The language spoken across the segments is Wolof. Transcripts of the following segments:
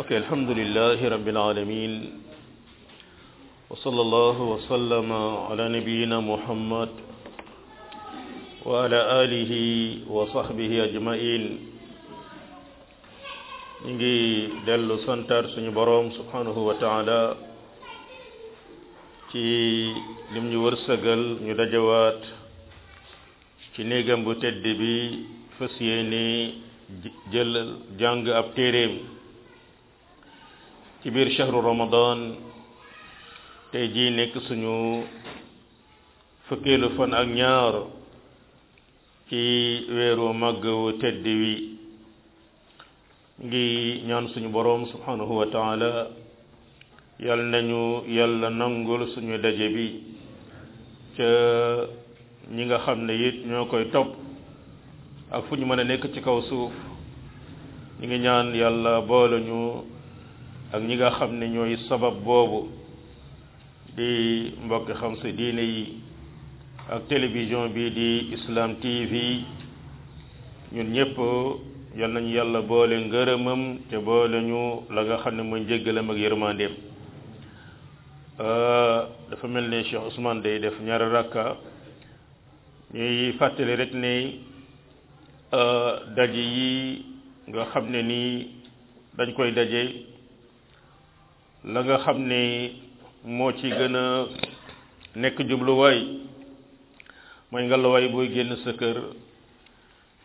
اوكي الحمد لله رب العالمين وصلى الله وسلم على نبينا محمد وعلى آله وصحبه أجمعين نجي دلو سنتر سنبرم سبحانه وتعالى ci lim ñu wërsegal ñu dajawaat ci néegam bu tedd bi fas yéene jël jàng ab téeréem ci biir shahru ramadan tey jii nekk suñu fukkeelu fan ak ñaar ci weeru màgg wu tedd wi ngi ñaan suñu boroom subhanahu wa taala yal nañu yàlla nangul suñu daje bi ca ñi nga xam ne it ñoo koy topp ak fu ñu mën a nekk ci kaw suuf ñi ngi ñaan yàlla boole ak ñi nga xam ne ñooy sabab boobu di mbokki xam sa diine yi ak télévision bii di Islam TV ñun ñëpp yal nañu yàlla boole ngërëmam te boole ñu la nga xam ne mooy njëggalam ak yërmandeem euh, dafa mel ne Cheikh Ousmane day def ñaari rakka ñuy fàttali rek ne euh, daje yi nga xam ne nii dañ koy daje la nga xam ne moo ci gën a nekk jublu way mooy nga looy booy génn sa kër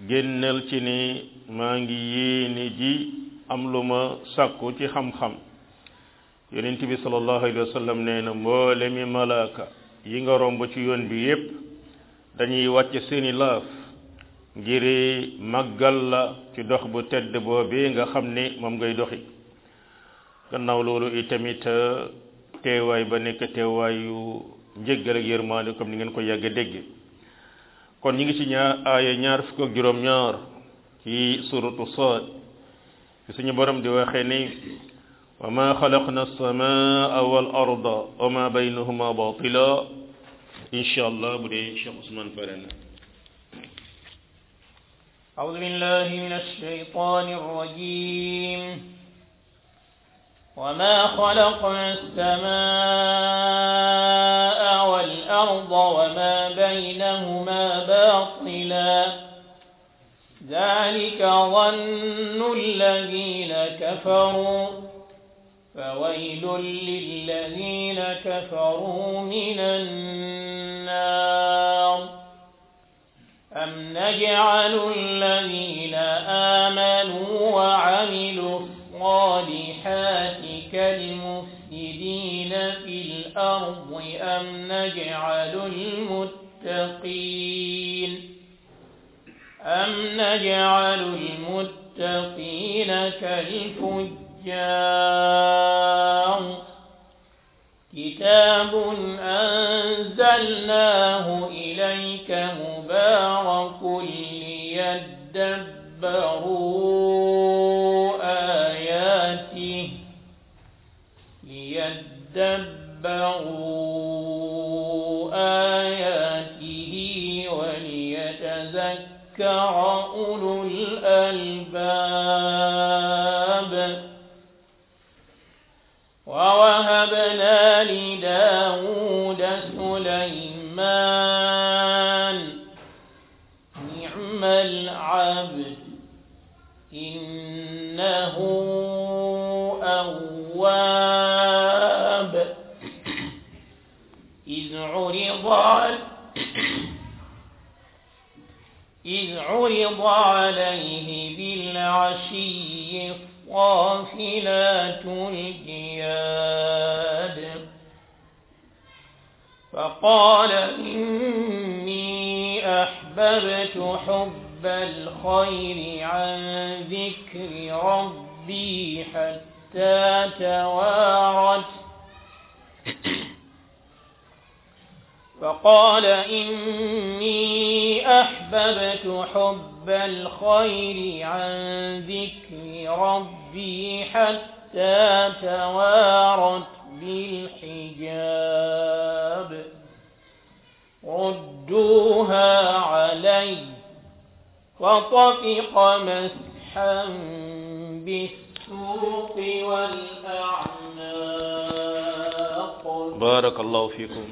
génnel ci ni maa ngi yéene ji am lu ma sàkku ci xam-xam yonent bi salallahu alayhi wa sallam nee na mboolemi malaaka yi nga romb ci yoon bi yépp dañuy wàcc seeni laaf ngiri màggal ci dox bu tedd boobee nga xam ne ngay doxi gannaaw loolu itamit teewaay ba nekk teewaayu njëggal ak yërmande comme ni ngeen ko yàgg dégg kon ñi ngi ci ñaar aaye ñaar fukk ak juróom ñaar ci suratu saad fi suñu borom di waxee ni wa ma xalaqna samaa wal arda wa ma baynahuma batila insha allah bu dee cheikh ousmane fare na أعوذ بالله من الشيطان الرجيم وما خلقنا السماء والأرض وما بينهما باطلا ذلك ظن الذين كفروا فويل للذين كفروا من النار أم نجعل الذين آمنوا وعملوا الصالحات كالمفسدين في الأرض أم نجعل المتقين أم نجعل المتقين كالفجار كتاب أنزلناه إليك مبارك ليدبروا آياته ليدبروا آياته وليتذكر أولو الألباب ووهبنا لداود سليمان نعم العبد إنه إذ عرض عليه بالعشي الصافلات الجياد فقال إني أحببت حب الخير عن ذكر ربي حتى توارت فقال إني أحببت حب الخير عن ذكر ربي حتى توارت بالحجاب ردوها علي فطفق مسحا بالسوق والأعناق بارك الله فيكم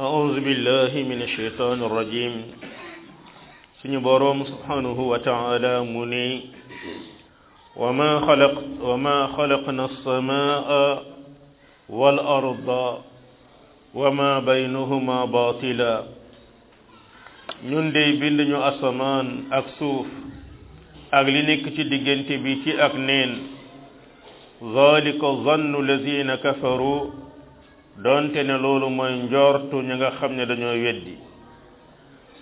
أعوذ بالله من الشيطان الرجيم سنبرم سبحانه وتعالى مني وما خلق وما خلقنا السماء والأرض وما بينهما باطلا ñun day bind ñu asamaan ak suuf ak li nekk ci diggante bi doonte ne loolu mooy njoortu ña nga xam ne dañoo weddi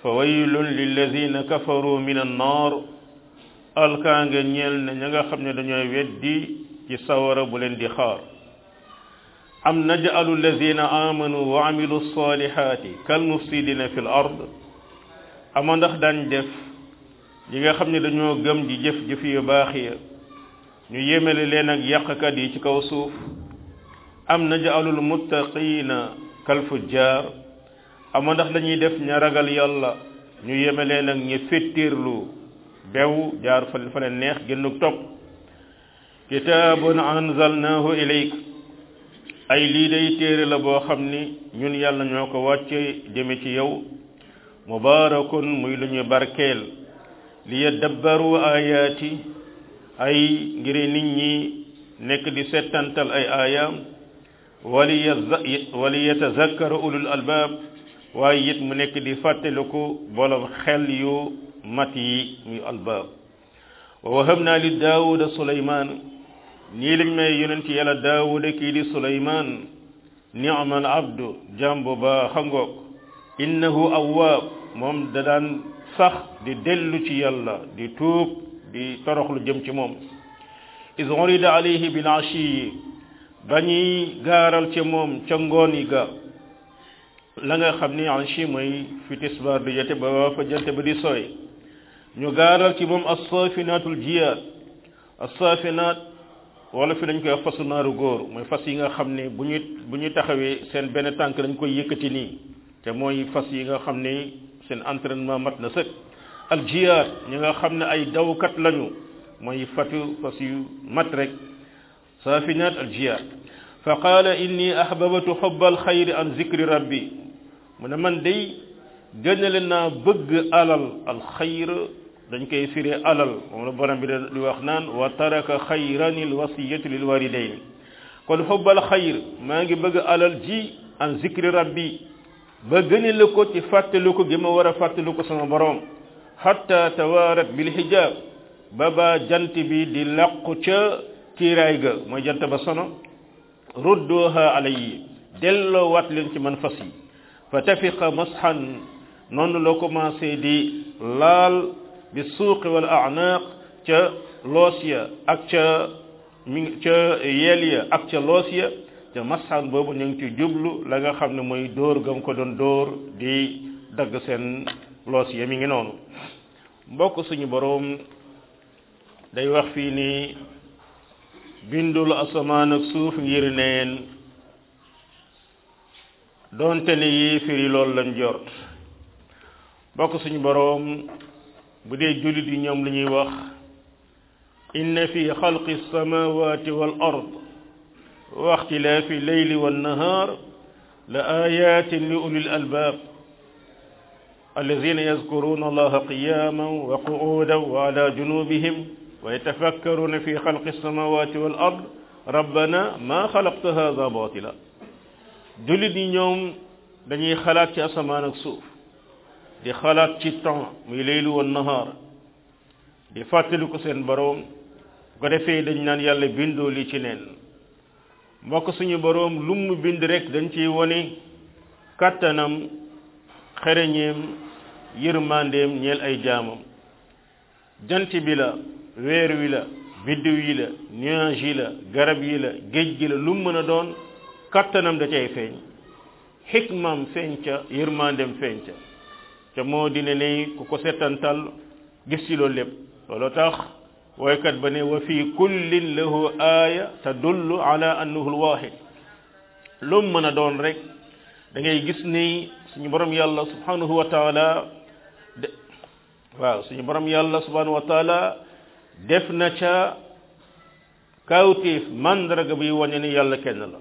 fa waylun lillazina kafaru min annar alkaange ñeel ne ña nga xam ne dañoo weddi ci sawara bu leen di xaar am najalu allazina amanu wa amilu salihati kal mufsidina fi l ama ndax daañ def ñi nga xam ne dañoo gëm di jëf jëf yu baax ya ñu yéemale leen ak yàqkat yi ci kaw suuf am na naj'alul muttaqiina kal fujjaar ama ndax dañuy def ña ragal yàlla ñu yeme leen ak ña féttéerlu bew jaar fa fa leen neex génnuk topp kitaabun anzalnaahu ilayk ay lii day téere la boo xam ni ñun yàlla ñoo ko wàcce jëme ci yow mubaarakun muy lu ñu barkeel li yadabbaru ayaati ay ngir nit ñi nekk di settantal ay aayaam وليتذكر أولو الألباب وايت مو دي فاتلوكو بولو خيل يو ماتي مي الباب ووهبنا لداود سليمان نيل مي يونت يالا داود كي دي سليمان نعم العبد جامبو با خنغوك انه اواب موم دادان صح دي دلو تي يالا دي توب دي تروخلو جيم تي موم اذ عليه بالعشي ba ñuy gaaral ci moom ca ngoon yi ga la nga xam ni anchi mooy fi tisbaar di jote ba waa fa jante ba di sooy ñu gaaral ci moom assafinaatul jiyaat assafinaat wala fi dañ koy wax fasu naaru góor mooy fas yi nga xam ne bu ñu bu ñu taxawee seen benn tànk dañ koy yëkkati nii te mooy fas yi nga xam ni seen entraînement mat na sëkk al jiyaat ñi nga xam ne ay dawkat lañu mooy fatu fas yu mat rek سافنات الجيا فقال اني احببت حب الخير عن ذكر ربي من من دي جنلنا بغ علل الخير دنجكاي سيري علل مون بروم بي دي واخنان وترك خيرا الوصيه للوالدين كون حب الخير ماغي بغ علل جي عن ذكر ربي ba gëne la فاتلوكو ci fàttaliku gi ma war a fàttaliku sama borom xataa tawaarat bil hijab ba kiiraay ga mooy jant ba sono ruddooha alayhi delloo waat leen ci man fas yi fa tafiqa masxan noonu la commencé di laal bi suuqi wal anaaq ca loos ya ak ca mi ca yeel ya ak ca loos ya te masxan boobu ñu ngi ci jublu la nga xam ne mooy dóor gam ko doon dóor di dagg seen loos ya mi ngi noonu mbokk suñu boroom day wax fii nii bindul asamaan ak suuf ngir neen donte ne yi firi loolu lañ jort bokk suñu boroom bu dee julit yi ñoom lu ñuy wax inna fi xalqi samawati wal ard wa ixtilaafi leyli wal nahar la ayatin li ulil albab الذين يذكرون الله قياما وقعودا وعلى جنوبهم wa yatafakkaruuna fi xalqi alsamawati wal ard rabbana ma xalaqta hada batila jullit yi ñoom dañuy xalaat ci asamaan ak suuf di xalaat ci temps muy leylu wa nahaar di fàttali ko seen boroom ko defee dañ naan yàlla bindoo li ci neen mbokk suñu boroom lu mu bind rek dañ ciy wone kàttanam xereñeem yërmandeem ñeel ay jaamam jant bi la weer wi la biddiw yi la nuage la garab yi la géej gi la lu mën a doon kattanam da cay feeñ xikmaam feeñ ca yërmandem feeñ ca ca moo dina ku ko settantal gis ci loolu lépp looloo tax woykat ba ne wa fi kullin lahu aaya tadullu ala annahu alwahid lu mën a doon rek da gis ni suñu borom yàlla subhanahu wa taala de waaw suñu borom wa taala def na ca kawtéef màndarga bi wane ni yàlla kenn la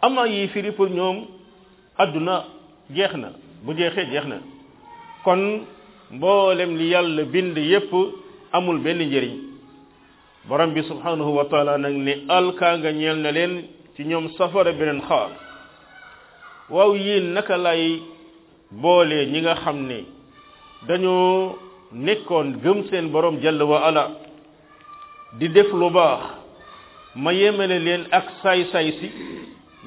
am yi firi ñoom àdduna jeex na bu jeexee jeex na kon mboolem li yàlla bind yépp amul benn njëriñ borom bi subhanahu wa taala nag ne alkaa nga ñeel na leen ci ñoom safara beneen xaar waaw yéen naka lay boole ñi nga xam ne dañoo nekkoon gëm seen boroom jalla wa ala di def lu baax ma yemale leen ak saay-saay si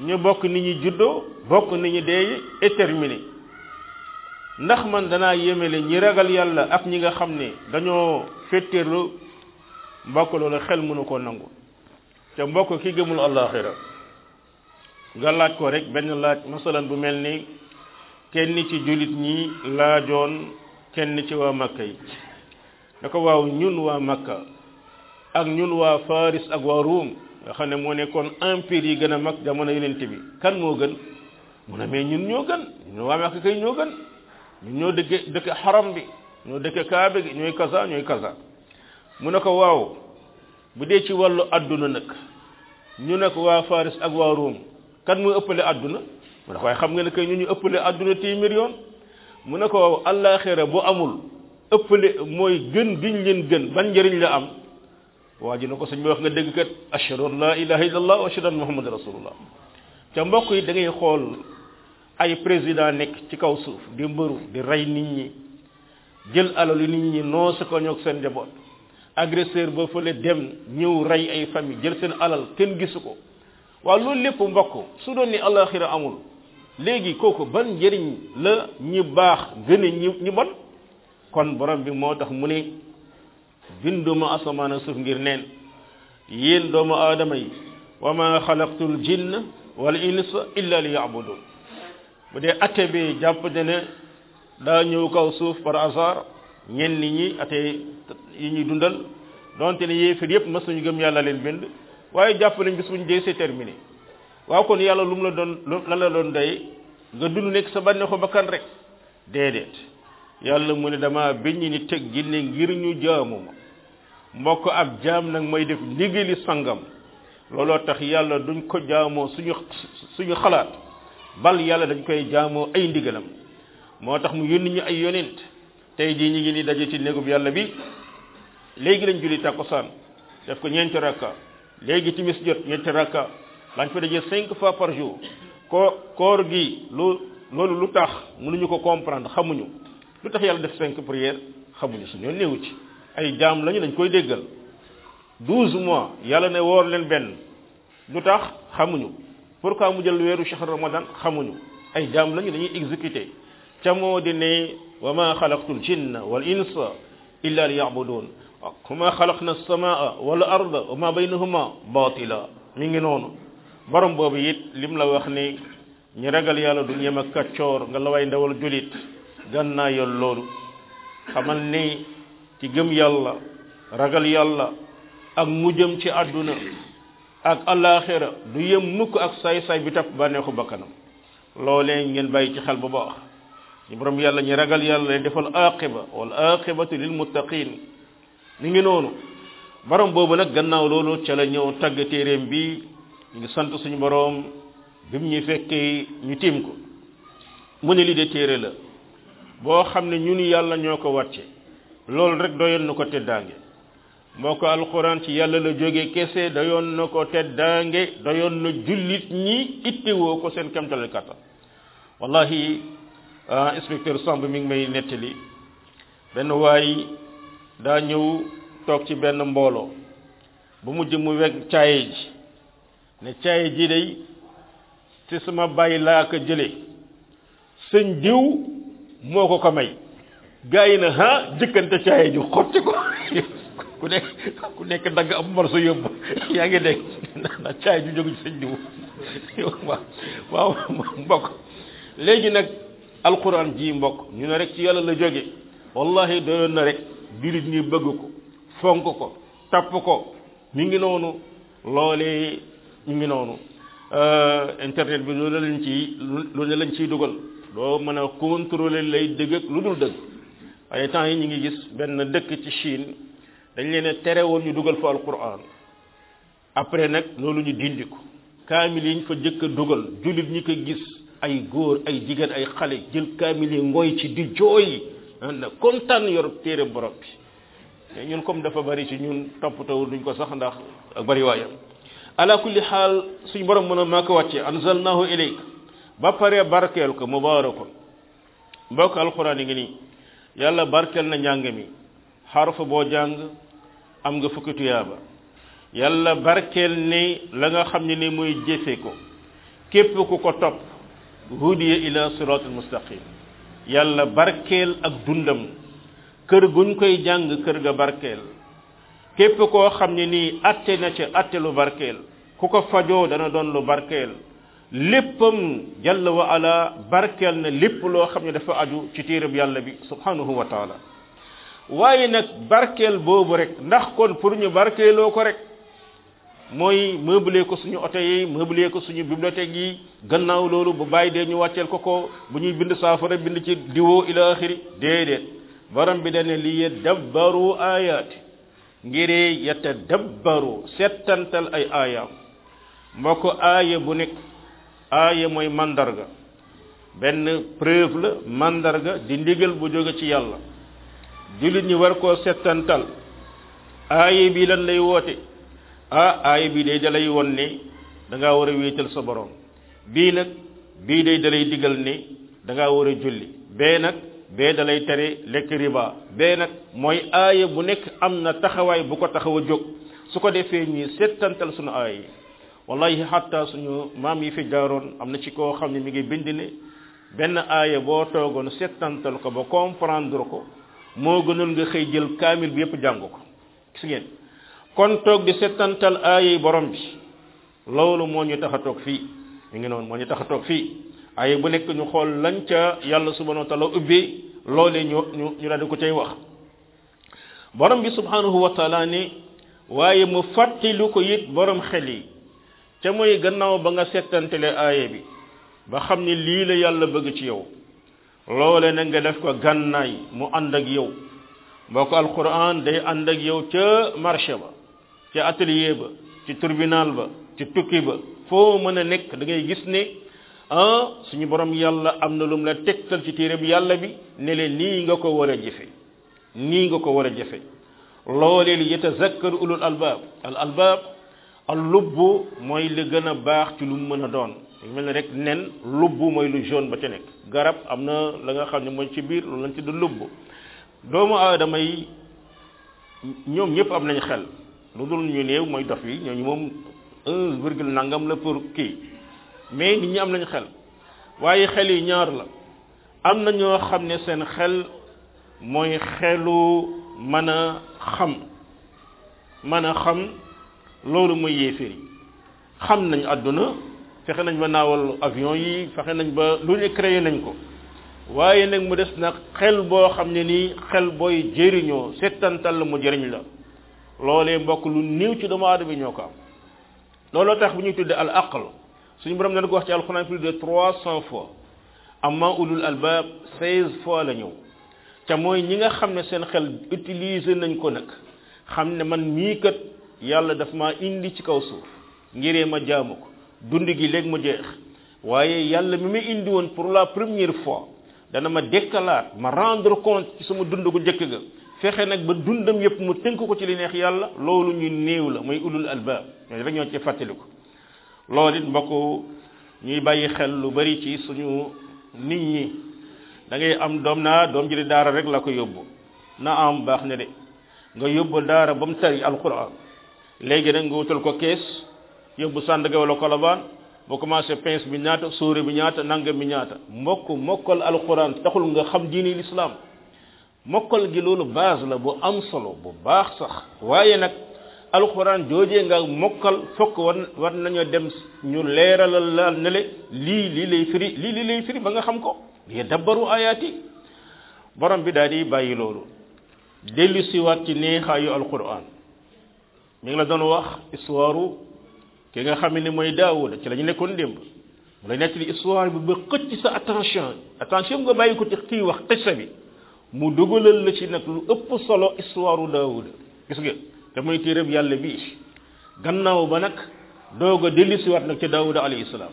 ñu bokk ni ñu juddoo bokk ni ñu dee éterminé ndax man danaa yemale ñi ragal yàlla ak ñi nga xam ne dañoo féttéerlu mbokk loolu xel mënu ko nangu te mbokk ki gëmul àllaaxira nga laaj ko rek benn laaj masalan bu mel ni kenn ci jullit ñi laajoon kenn ci waa Makka yi ne ko waaw ñun waa Makka ak ñun waa Faris ak waa Ruum nga xam ne moo nekkoon empire yi gën a mag jamono yonent bi kan moo gën mu ne mais ñun ñoo gën ñun waa Makka kay ñoo gën ñun ñoo dëkke dëkke xaram bi ñoo dëkke kaabe gi ñooy kaza ñooy kaza mu ne ko waaw bu dee ci wàllu àdduna nag ñu ne ko waa Faris ak waa Ruum kan muy ëppale adduna mu ne ko waaye xam nga ne kay ñu ñu ëppale àdduna téeméer million mu ne ko allaaxira bu amul ëpp ëppale mooy gën giñ leen gën ban njëriñ la am waa ji na ko sëñ bi wax nga dégg kat ashhadu an laa ilaha illallah wa ashhadu an muhammadan rasulullah ca mbokk yi da ngay xool ay président nekk ci kaw suuf di mbëru di rey nit ñi jël yu nit ñi noo si ko ñoog seen njaboot agresseur ba fële dem ñëw rey ay famille jël seen alal kenn gisu ko waaw loolu lépp mbokk su doon ni allaaxira amul léegi kooku ban njëriñ la ñi baax gën a ñi bon kon borom bi moo tax mu ne binduma asamaan ak ngir neen yéen doomu aadama yi wa ma xalaqtul jinna wal insa illa li yabudun bu dee atte bi jàpp ne ne daa ñëw kaw suuf par hasard ñenn ñi atte yi ñuy dundal donte ne yéefir yëpp mas ñu gëm yàlla leen bind waaye jàpp nañ bis bu ñu dee c'est terminé waaw kon yàlla lu mu la doon lan la doon doy nga dund nekk sa bànneexu bakkan rek déedéet yàlla mu ne dama biñ ni teg jinne ngir ñu jaamu mbokk ab jaam nag mooy def ndigali sangam looloo tax yàlla duñ ko jaamoo suñu suñu xalaat bal yàlla dañ koy jaamoo ay ndigalam moo tax mu yónni ñu ay yonent tey jii ñu ngi ni daje ci néegub yàlla bi léegi lañ julli tàkkusaan def ko ñeenti rakka léegi timis jot ñeenti rakka lañ fa dajé 5 fois par jour ko koor gi lo loolu lu tax mënuñu ko comprendre xamuñu lu tax yàlla def 5 prières xamuñu suñu néew ci ay jaam lañu dañ koy déggal 12 mois yàlla ne wor leen ben lu tax xamuñu pourquoi mu jël wéru cheikh ramadan xamuñu ay jaam lañu dañuy exécuter ca modi ne wa ma xalaqtu l jinna wal insa illa liyabudun kuma xalaqna as samaa wal arda wa baynahuma batila mi ngi noonu borom boobu yit lim la wax ni ñi ragal yàlla du yem ak kaccoor nga la way ndawal julit gannaa yoon loolu xamal ni ci gëm yàlla ragal yàlla ak mujjam ci àdduna ak alaxira du yem mukk ak saay-saay bi tapp bànneexu bakkanam loolee ngeen bàyyi ci xel bu baax ñu borom yàlla ñi ragal yàlla leen defal aqiba wal aqibatu lil muttaqin ni ngi noonu borom boobu nag gannaaw loolu ca la ñëw tagg téeréem bi ñu ngi sant suñu boroom bi mu ñuy fekkee ñu tiim ko mu ne lii de téere la boo xam ne ñu ni yàlla ñoo ko wàcce loolu rek doyoon na ko teddaange moo ko alxuraan ci yàlla la jóge kese dayoon na ko teddaange doyoon na jullit ñi ittewoo ko seen kemtale kàttan wallahi ah, inspecteur Samb mi ngi may nettali benn waay daa ñëw toog ci benn mbooloo bu mujj mu weg caaye ji ne caay ji day ci sama bàyyi laa ko jële sëñ diw moo ko ko may gaa na ah jëkkante caay ji xotti ko ku nekk ku nekk dagg am morso yóbbu yaa ngi dégg na caay ju jógu sëñ diw mbokk léegi nag alquran ji mbokk ñu ne rek ci yàlla la jóge wallahi doyoon na rek jullit ñi bëgg ko fonk ko tapp ko mi ngi noonu loolee ñu ngi noonu euh, internet bi lu ne lañ ci lu ne lañ ciy dugal doo mën a contrôler lay dëgg ak lu dul dëgg waaye temps yi ñu ngi gis benn dëkk ci Chine dañ leen tere woon ñu dugal fa alquran après nag loolu ñu dindi ko kaamil yi ñu fa jëkk a dugal jullit ñu ko gis ay góor ay jigéen ay xale jël kaamil yi ngooy ci di jooy na kontaan yor téere borob bi ñun comme dafa bari ci ñun toppatoo duñ ko sax ndax ak bari ala kulli xaal suñ borom mëna a wacce ko anzalnahu ilayk ba pare barkel ko mubarak mbokk alquran yi ngi ni yalla barkel na njàng mi xarfa bo jang am nga fukki tuyaaba yalla barkel ni la nga xam ne ni mooy jefe ko kep ku ko top hudiya ila siratal mustaqim yalla barkel ak dundam kër guñ koy jang kër ga barkel. képp koo xam ne nii atte na ca atte lu barkeel ku ko fajoo dana doon lu barkeel léppam jalla wa ala barkeel na lépp loo xam ne dafa aju ci téereb yàlla bi subhanahu wa taala waaye nag barkeel boobu rek ndax kon pour ñu barkeeloo ko rek mooy meublé ko suñu oto yi meublé ko suñu bibliothèque yi gannaaw loolu bu bàyyi dee ñu wàcceel ko ko bu ñuy bind saafara bind ci diwoo ila axiri déedéet borom bi dane li yadabbaru ayaati yata dabbaru settantal ay aya mbokk aya bu nek aya moy mandarga ben preuve la mandarga di ndigal bu joge ci di jullit ñi war ko settantal aya bi lan lay wote ah aya bi day dalay won da nga wara a wéetal sa borom bi nak bi day dalay digal ni da nga wara julli be nak bee da lay tere lekk riba bee nag mooy aaya bu nekk am na taxawaay bu ko taxawa jóg su ko defee ñi settantal suñu aaya yi wallahi xatta suñu maam yi fi jaaroon am na ci koo xam ne mi ngi bind ne benn aaye boo toogoon settantal ko ba comprendre ko moo gënoon nga xëy jël kaamil bi yëpp jàng ko gis ngeen kon toog di settantal aaya yi borom bi loolu moo ñu tax a toog fii mu ngi noonu moo ñu tax a toog fii ay bu nekk ñu xool lañ ca yàlla subhanahu wa taala ubbee loolee ñu ñu ñu daal ko cay wax boroom bi subhanahu wa ne waaye mu fàttali ko it boroom xel yi ca mooy gannaaw ba nga settantele aaya bi ba xam ni lii la yàlla bëgg ci yow loole na nga def ko gànnaay mu ànd ak yow mbokk alquran day ànd ak yow ca marché ba ca atelier ba ci tribunal ba ci tukki ba foo mën a nekk da ngay gis ne Ah, suñu borom yàlla am na lu lum la tegtal ci téeréb yàlla bi ne leen nii nga ko war a jëfe nii nga ko war a jëfe loolee li yatazakkaru ulul albaab al albaab al lubbu mooy li gën a baax ci lu mu mën a doon dañu mel ne rek nen lubbu mooy lu jaune ba ca nekk garab am na la nga xam ne mooy ci biir loolu lañ ci du lubbu doomu aadama yi ñoom ñëpp am nañ xel lu dul ñu néew mooy dof yi ñooñu moom un virgule nangam la pour kii mais nit ñi am nañ xel waaye xel yi ñaar la am na ñoo xam ne seen xel mooy xelu mën a xam mën a xam loolu mooy yéeféer yi xam nañ àdduna fexe nañ ba naawal avion yi fexe nañ ba lu ne créé nañ ko waaye nag mu des nag xel boo xam ne nii xel booy jëriñoo settantal la mu jëriñ la loole mbokk lu néew ci doomu aadama yi ñoo ko am looloo tax bu ñuy tuddee al aql suñu borom dañ ko wax ci alquran plus de 300 fois amma ulul albab seize fois la ñëw te moy ñi nga xam seen xel utiliser nañ ko nak xam man mi kat yalla daf ma indi ci kaw suuf ngiree ma jaamu ko dund gi léegi mu jeex waye yalla mi mi indi won pour la première fois dana ma déclarer ma rendre compte ci sama dund gu njëkk ga fexé nak ba dundam yépp mu tënk ko ci li neex yalla lolu ñu neew la moy ulul albab ñoo rek ñoo ci fateliko lool it mbokk ñuy bàyyi xel lu bari ci suñu nit ñi dangay am doom naa doom ji daara rek la ko yóbbu na am baax na de nga yóbbu daara ba mu tari alquran léegi nag nga wutal ko kees yóbbu Sandaga wala kolobaan boo commencé pince bi ñaata suure bi ñaata nangam bi ñaata mbokk mokkal alquran taxul nga xam diini l'islam mokkal gi loolu base la bu am solo bu baax sax waaye nag alxuraan joojee nga mokkal fokk war war nañoo dem ñu leeralal laal ne le lii lii lay firi lii lii lay firi ba nga xam ko li dabbaru ayaati borom bi daal di bàyyi loolu dellu siwaat ci neexaayu alxuraan mi ngi la doon wax histoire ki nga xam ni mooy daawuda ci lañu nekkoon démb mu lay nettali histoire bi ba xëcc sa attention attention nga bàyyi ko ci kii wax xissa bi mu dugalal la ci nag lu ëpp solo histoire daawuda gis nga te muy téeréb yàlla bii gannaaw ba nag doog a dellusiwaat nag ci daawuda alayhi salaam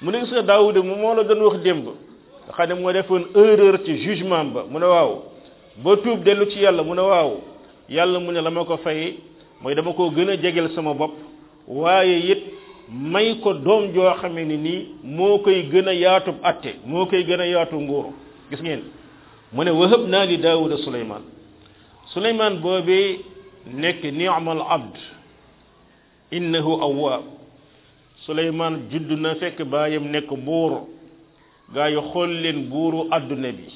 mu ne gis nga daawuda mu moo la doon wax démb nga xam ne moo defoon erreur ci jugement ba mu ne waaw ba tuub dellu ci yàlla mu ne waaw yàlla mu ne la ma ko fay mooy dama koo gën a jegel sama bopp waaye it may ko doom joo xamee ni nii moo koy gën a yaatu atte moo koy gën a yaatu nguuru gis ngeen mu ne wahab naa li daawuda suleymaan suleymaan boobee nekk ni'mal abd innahu awwaab suleymaan judd na fekk baayam nekk buur gaa yi xool leen buuru àdduna bi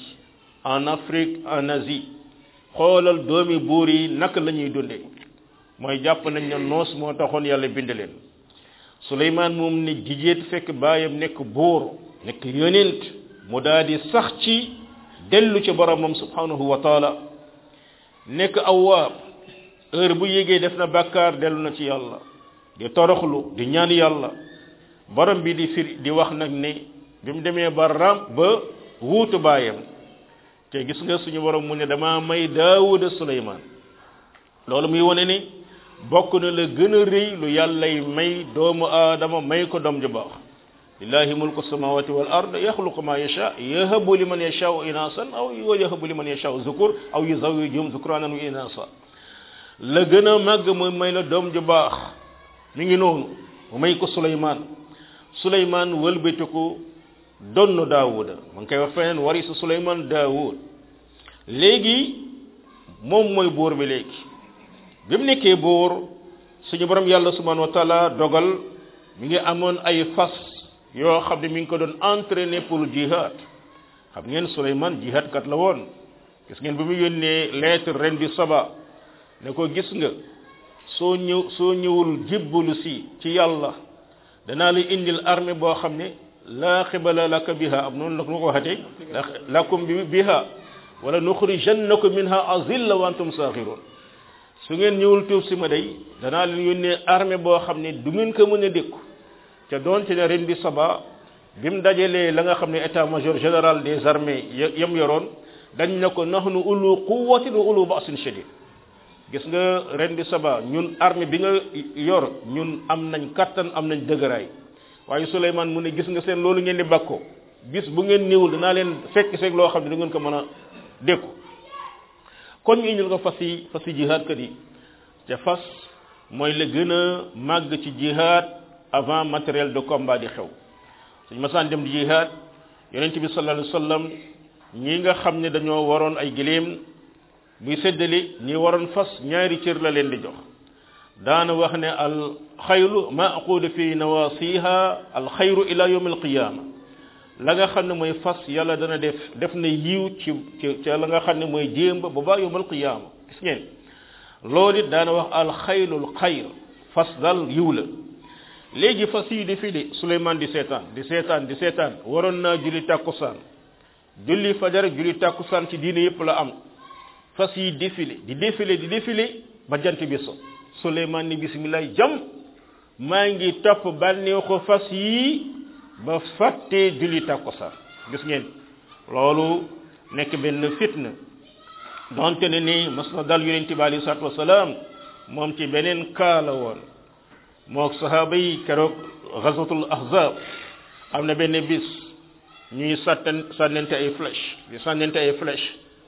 en Afrique en Asie xoolal doomi buur yi naka la ñuy mooy jàpp nañ ne noos moo taxoon yàlla bind leen suleymaan moom ne jigéet fekk baayam nekk buur nekk yonent mu daal di sax ci dellu ci boromam subhanahu wa taala nekk awaab heure bu yégee def na bàkkaar dellu na ci yàlla di toroxlu di ñaan yàlla borom bi di firi di wax nag ni bi mu demee ba ram ba wuutu baayam te gis nga suñu borom mu ne damaa may daawuda suleymaan loolu muy wone ni bokk na la gën a rëy lu yàllay may doomu aadama may ko doom ju baax lillahi mulku samawati wal ard yaxluqu ma yasha yahabu liman yashau inasan aw yahabu liman yashau zukur aw yuzawwijuhum zukranan wa inasa la gën a màgg mooy may la doom ju baax mu ngi noonu mu may ko suleymaan suleymaan wëlbatiku donn daawuda ma ngi koy wax feneen warisu suleymaan daawud léegi moom mooy buur bi léegi bi mu nekkee buur suñu borom yàlla subhanahu wa taala dogal mu ngi amoon ay fas yoo xam ne mi ngi ko doon entraîner pour jihad xam ngeen suleymaan jihad kat la woon gis ngeen bi mu yónnee lettre reine Saba ne ko gis nga soo ñëw soo ñëwul jébbalu si ci yàlla danaa la indil armée boo xam ne laa xibala laka biha am noonu la ma ko waxatee lakum biha wala nuxrijannaka minha azilla wa antum saaxiroon su ngeen ñëwul tuub si ma day danaa leen yónnee armée boo xam ne du ngeen ko mën a dékku te doon ci ne ren bi saba bi mu dajalee la nga xam ne état major général des armées yam yoroon dañ ne ko nahnu ulu quwatin wa ulu ba'sin shadid gis nga ren di saba ñun armée bi nga yor ñun am nañ kattan am nañ dëgëraay waaye Souleymane mu ne gis nga seen loolu ngeen di ko bis bu ngeen néewul danaa leen fekk seeg loo xam ne da ngeen ko mën a dékku kon ñu indil ko fas yi fas yi jihaadkat yi te fas mooy la gën a màgg ci jihaad avant matériel de combat di xew suñ masaan dem di jihaad bi sallallahu alayhi ñi nga xam ne dañoo waroon ay gileem buy séddali ñi waroon fas ñaari cër la leen di jox daana wax ne al xaylu maaquudu fi nawasiha al xayru ila yawm al qiyama la nga xam ne mooy fas yàlla dana def def na yiw ci la nga xam ne mooy jéem ba ba yawm al qiyama gis daana wax al xaylu al xayr fas dal yiw la léegi fas yi di fi fili Souleymane di seetaan di seetaan di seetaan waroon naa julli tàkkusaan julli fajar julli tàkkusaan ci diine yëpp la am fas yi défilé di défilé di défilé ba jant bi so suleyman ni bismillah jam maa ngi banni ko fas yi ba fatte duli takosa gis ngeen loolu nek ben fitna donte ne ni mas na dal yonente bi alayhi salatu wasalaam moom ci benen kala won mok sahaba yi kero ghazwatul ahzab amna ben bis ñuy sàttan sànnante ay flash di sànnante ay flash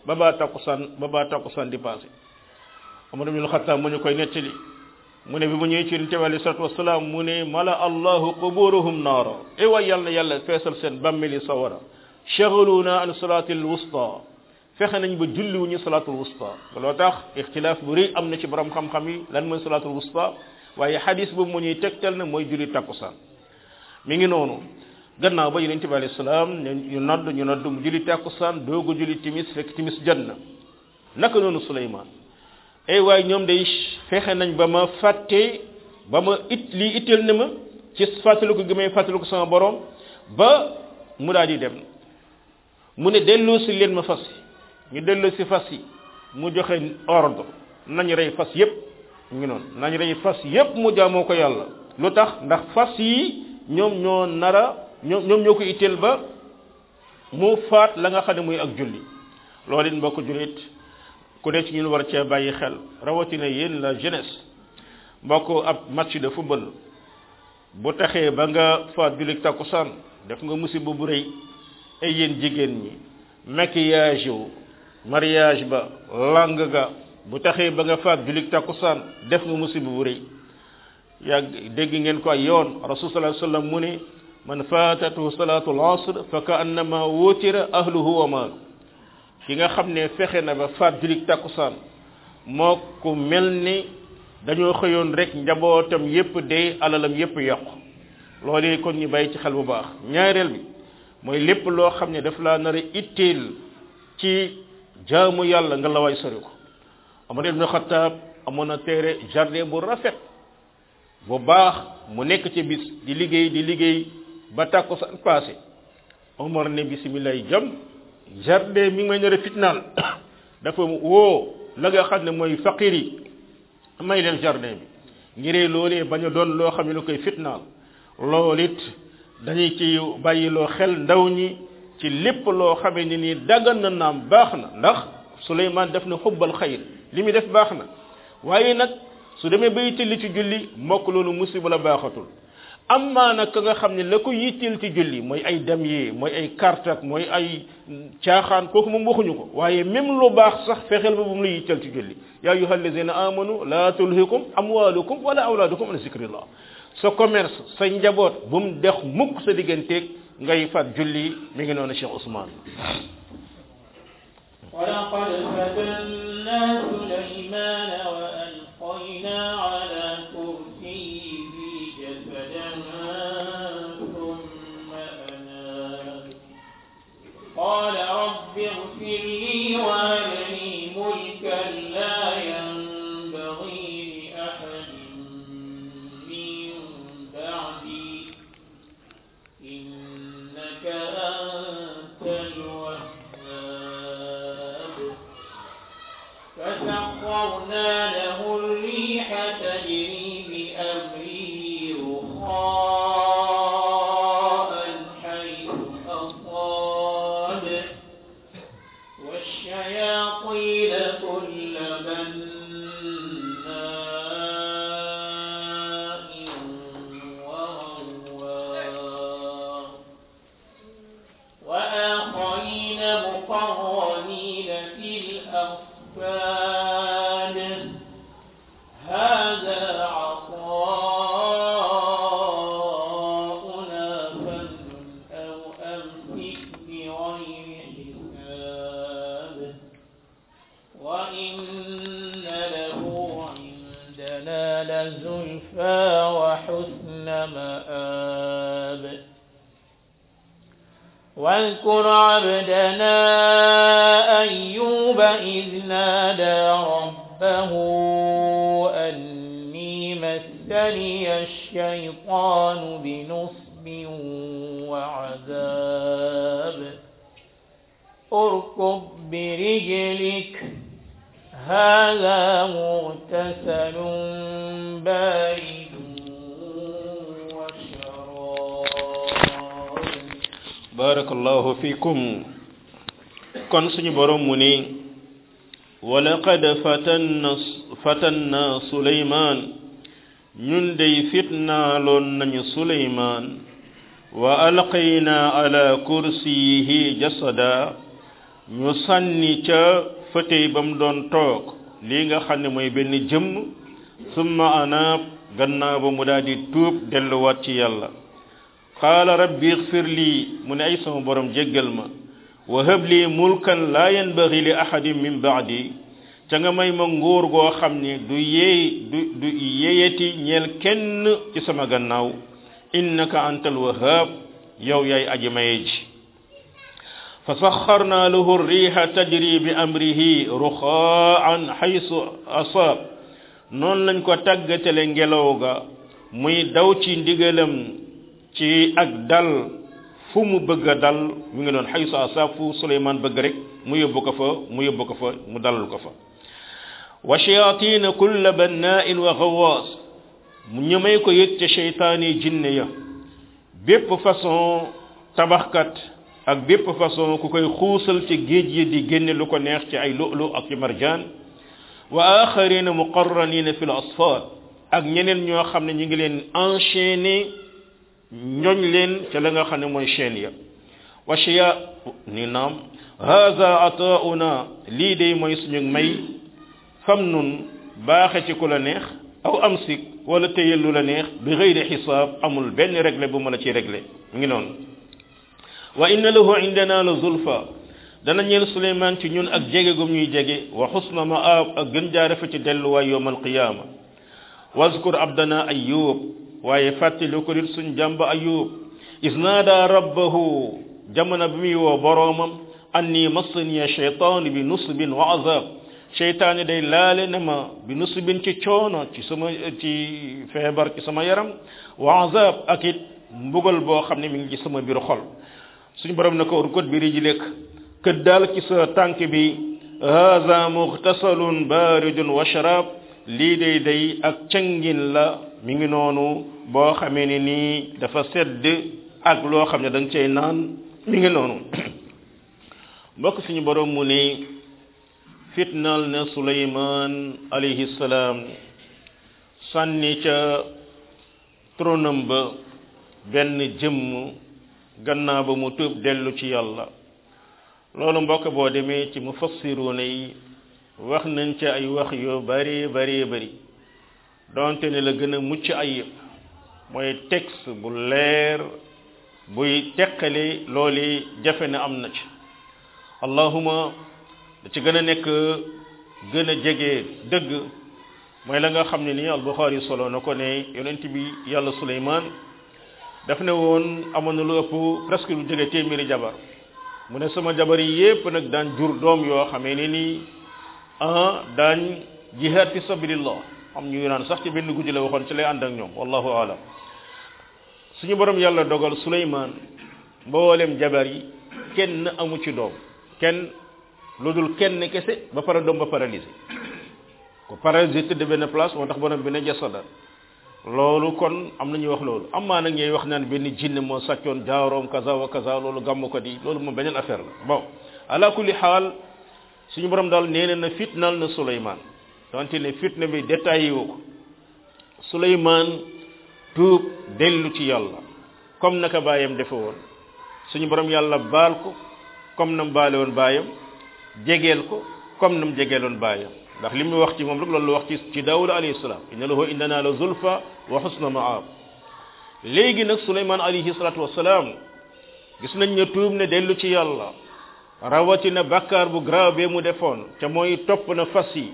ba ba takusan ba ba takusan di passé umar ibn al-khattab mu ñu koy netti mu ne bi mu ñëwee ci yonente bi alayhi salatu wasalaam mu ne mala allahu quburuhum naara e way yàlla yàlla feesal seen bàmmeli sawara shaghaluna an salati al-wusta fexe nañ ba julli wuñu salatul wusta loo tax ikhtilaf bu rëy am na ci borom xam-xam yi lan mooy salatul wusta waaye hadis bu mu ñuy tegtal na mooy julli takusan mi ngi noonu gannaaw ba yonente bi alayhi salaam ne ñu nodd ñu nodd mu julli tàkkusaan doogu julli timis fekk timis jot na naka noonu Suleymaan ay waaye ñoom de fexe nañ ba ma fàtte ba ma it lii itteel na ma ci fàttaliku gi may fàttaliku sama borom ba mu daal di dem mu ne delloo si leen ma fas yi ñu delloo si fas yi mu joxe ordre nañ rey fas yépp mu ngi noonu nañ rey fas yépp mu jaamoo ko yàlla lu tax ndax fas yi ñoom ñoo nara ñom ñoko itel ba mu faat la nga xamne muy ak julli loolu in mbokk julit ku ne ci ñun war cee bàyyi xel rawati na yéen la jeunesse mbokk ab match de football bu taxee ba nga faat julik takusaan def nga musiba bu rëy ay yéen jigéen ñi maquillage wu mariage ba lang ga bu taxee ba nga faat julik takusaan def nga musiba bu rëy yàgg dégg ngeen ko ay yoon rasul sai sallam mu ne man faatatu salaatu al-asr fa kaannama wutira ahluhu wa maalu ki nga xam ne fexe na ba faat julik takkusaan moo ku mel ni dañoo xëyoon rek njabootam yépp dee alalam yépp yàqu loolee kon ñu bàyyi ci xel bu baax ñaareel mooy lépp loo xam ne daf laa nar a itteel ci jaamu yàlla nga lawaay sori ko Omar ibn Khattab amoon na téere jardin bu rafet bu baax mu nekk ci bis di liggéey di liggéey ba tàkkusaan passé Omar ne bisimilah jam jardin mi ngi may nar a fitnaal dafa woo la nga xam ne mooy faqir yi may leen jardin bi ngiree loolee bañ a doon loo xam ne lu koy fitnaal lool it dañuy ci bàyyiloo xel ndaw ñi ci lépp loo xame ni nii daggan na naam baax na ndax Souleymane def na xubbal xayr li muy def baax na waaye nag su demee bay tëlli ci julli mbokk loolu musiba la baaxatul amma nak ka nga xamni la ko yitteel ci julli moy ay dem moy ay carte ak mooy ay tiaxan koku moom waxuñu ko waye même lu bax sax fexel ba bu mu la ci julli ya ayuha allazina amanu la tulhikum amwalukum wala awladukum an zikrillah sa commerce sa njabot bu mu dex mukk sa digganteeg ngay fat julli mi ngi noonu cheikh ousman wala qad fatanna sulaymana wa alqayna ala واغفر لي وارني ملكا لا ينبغي لأحد من بعدي إنك أنت الوهاب فسخرنا لَنَا أَيُّوبَ إِذْ نَادَىٰ رَبَّهُ أَنِّي مَسَّنِيَ الشَّيْطَانُ بِنُصْبٍ وَعَذَابٍ ارْكُضْ بِرِجْلِكَ هَٰذَا مُغْتَسَلٌ بَارِدٌ بارك الله فيكم kon suñu boroom mu ni wa laqad fatanna fatanna suleyman ñun dey fitnaaloon nañu suleyman wa alqaynaa ala kursiyihi jasada ñu sànni ca fëtey ba mu doon toog lii nga xam ne mooy benn jëm summa anaab gannaaw ba mu daldi di tuub delluwaat ci yàlla qaala rabbi ixfir mu ne ay sama borom jéggal ma wa hëb lii mulkan laa yanbaghi li ahadin min baadi ca nga may ma nguur goo xam ni du yeey yeyeti ñeel kenn ci sama gannaaw innaka antal wahhab yow yaay aji maye ji fa saxarna lahu riiha tajri bi amrihi ruxaan xaysu asaab noonu lañ ko tàggatale ngelaw ga muy daw ci ndigalam ci ak dal fu mu bëgg dal mi ngi noonu xaysu asa suleyman bëgg rek mu yóbbu ko fa mu yóbbu ko fa mu dalal ko fa wa shayatin kull banna'in wa ghawas mu ñëmay ko yit ci shaytani jinne ya bépp façon tabaxkat ak bépp façon ku koy xuusal ci géej yi di génne lu ko neex ci ay lu'lu ak ci marjan wa akharina muqarranina fil asfar ak ñeneen ñoo xam ne ñu ngi leen enchaîner ñooñ leen ca la nga xam ne mooy chaîne ya washiya ni naam haza atauna lii de mooy suñu may fam nun baaxe ci ku la neex aw amsik wala téyel lu la neex bi geyri xisaab amul benn réglé bu ma la ci réglé mu ngi noonu wa inna lahu indana la zulfa dana ñeel suleymaan ci ñun ak jege gum ñuy jege wa xusna ma aab ak gën jaare fa ci delluwaay yowm alqiyaama wazkur abdana ayub waaye fàttali ko dir suñ jàmba ayub isnaada rabbahu jamono bi muy woo boroomam anni ya shaytan bi nusbin wa azab shaytan day laale ne ma bi nusbin ci coono ci sama ci feebar ci sama yaram wa azab ak it mbugal boo xam ne mi ngi ci sama biir xol suñ borom ne ko urkut bi riji lekk kët daal ci sa tànk bi haza muxtasalun baridun wa sharab lii day day ak cangin la mi ngi noonu boo xamee ni nii dafa sedd ak loo xam ne dañ nga cay naan mi ngi noonu mbokk suñu boroom mu ne fitnaal na Suleymaan alayhi salaam sànni ca tronam ba benn jëm gannaaw ba mu tuub dellu ci yàlla loolu mbokk boo demee ci mufassiruuna yi wax nañ ca ay wax yu bari bari bari donte ne la gën a mucc ayib mooy texte bu leer buy teqali looli jafe na am na ci allahuma da ci gën a nekk gën a jege dëgg mooy la nga xam ne ni albuxaari solo na ko ne yonent bi yàlla suleymaan daf ne woon amoon na lu ëpp presque lu jege téeméeri jabar mu ne sama jabar yi yépp nag daan jur doom yoo xamee ne nii ah daañ jihaad fi sabilillah am ñuy naan sax ci benn guddi la waxoon ci lay ànd ak ñoom wallahu alam suñu borom yàlla dogal suleymaan mbooleem jabar yi kenn amu ci doom kenn lu dul kenn kese ba pare doom ba paralysé ko paralysé tëdd benn place moo tax borom bi ne jasada loolu kon am na ñuy wax loolu am maa nag ñuy wax naan benn jinne moo sàccoon jaaroom kaza wa kaza loolu gàmmu ko di loolu moom beneen affaire la bon ala kulli xaal suñu borom daal nee na fitnaal na suleymaan donte ne fitna bi détaillé ko suleymaan tuub dellu ci yàlla comme naka baayam defe woon suñu borom yàlla baal ko comme na mu baale woon baayam jegeel ko comme na mu jegeeloon baayam ndax li mu wax ci moom rek loolu la wax ci ci daawud alayhi salaam inna lahu indana la zulfa wa xusna maab léegi nag suleyman alayhi salatu wasalaam gis nañ ne tuub ne dellu ci yàlla rawatina bakkaar bu grave mu defoon te mooy topp na fas yi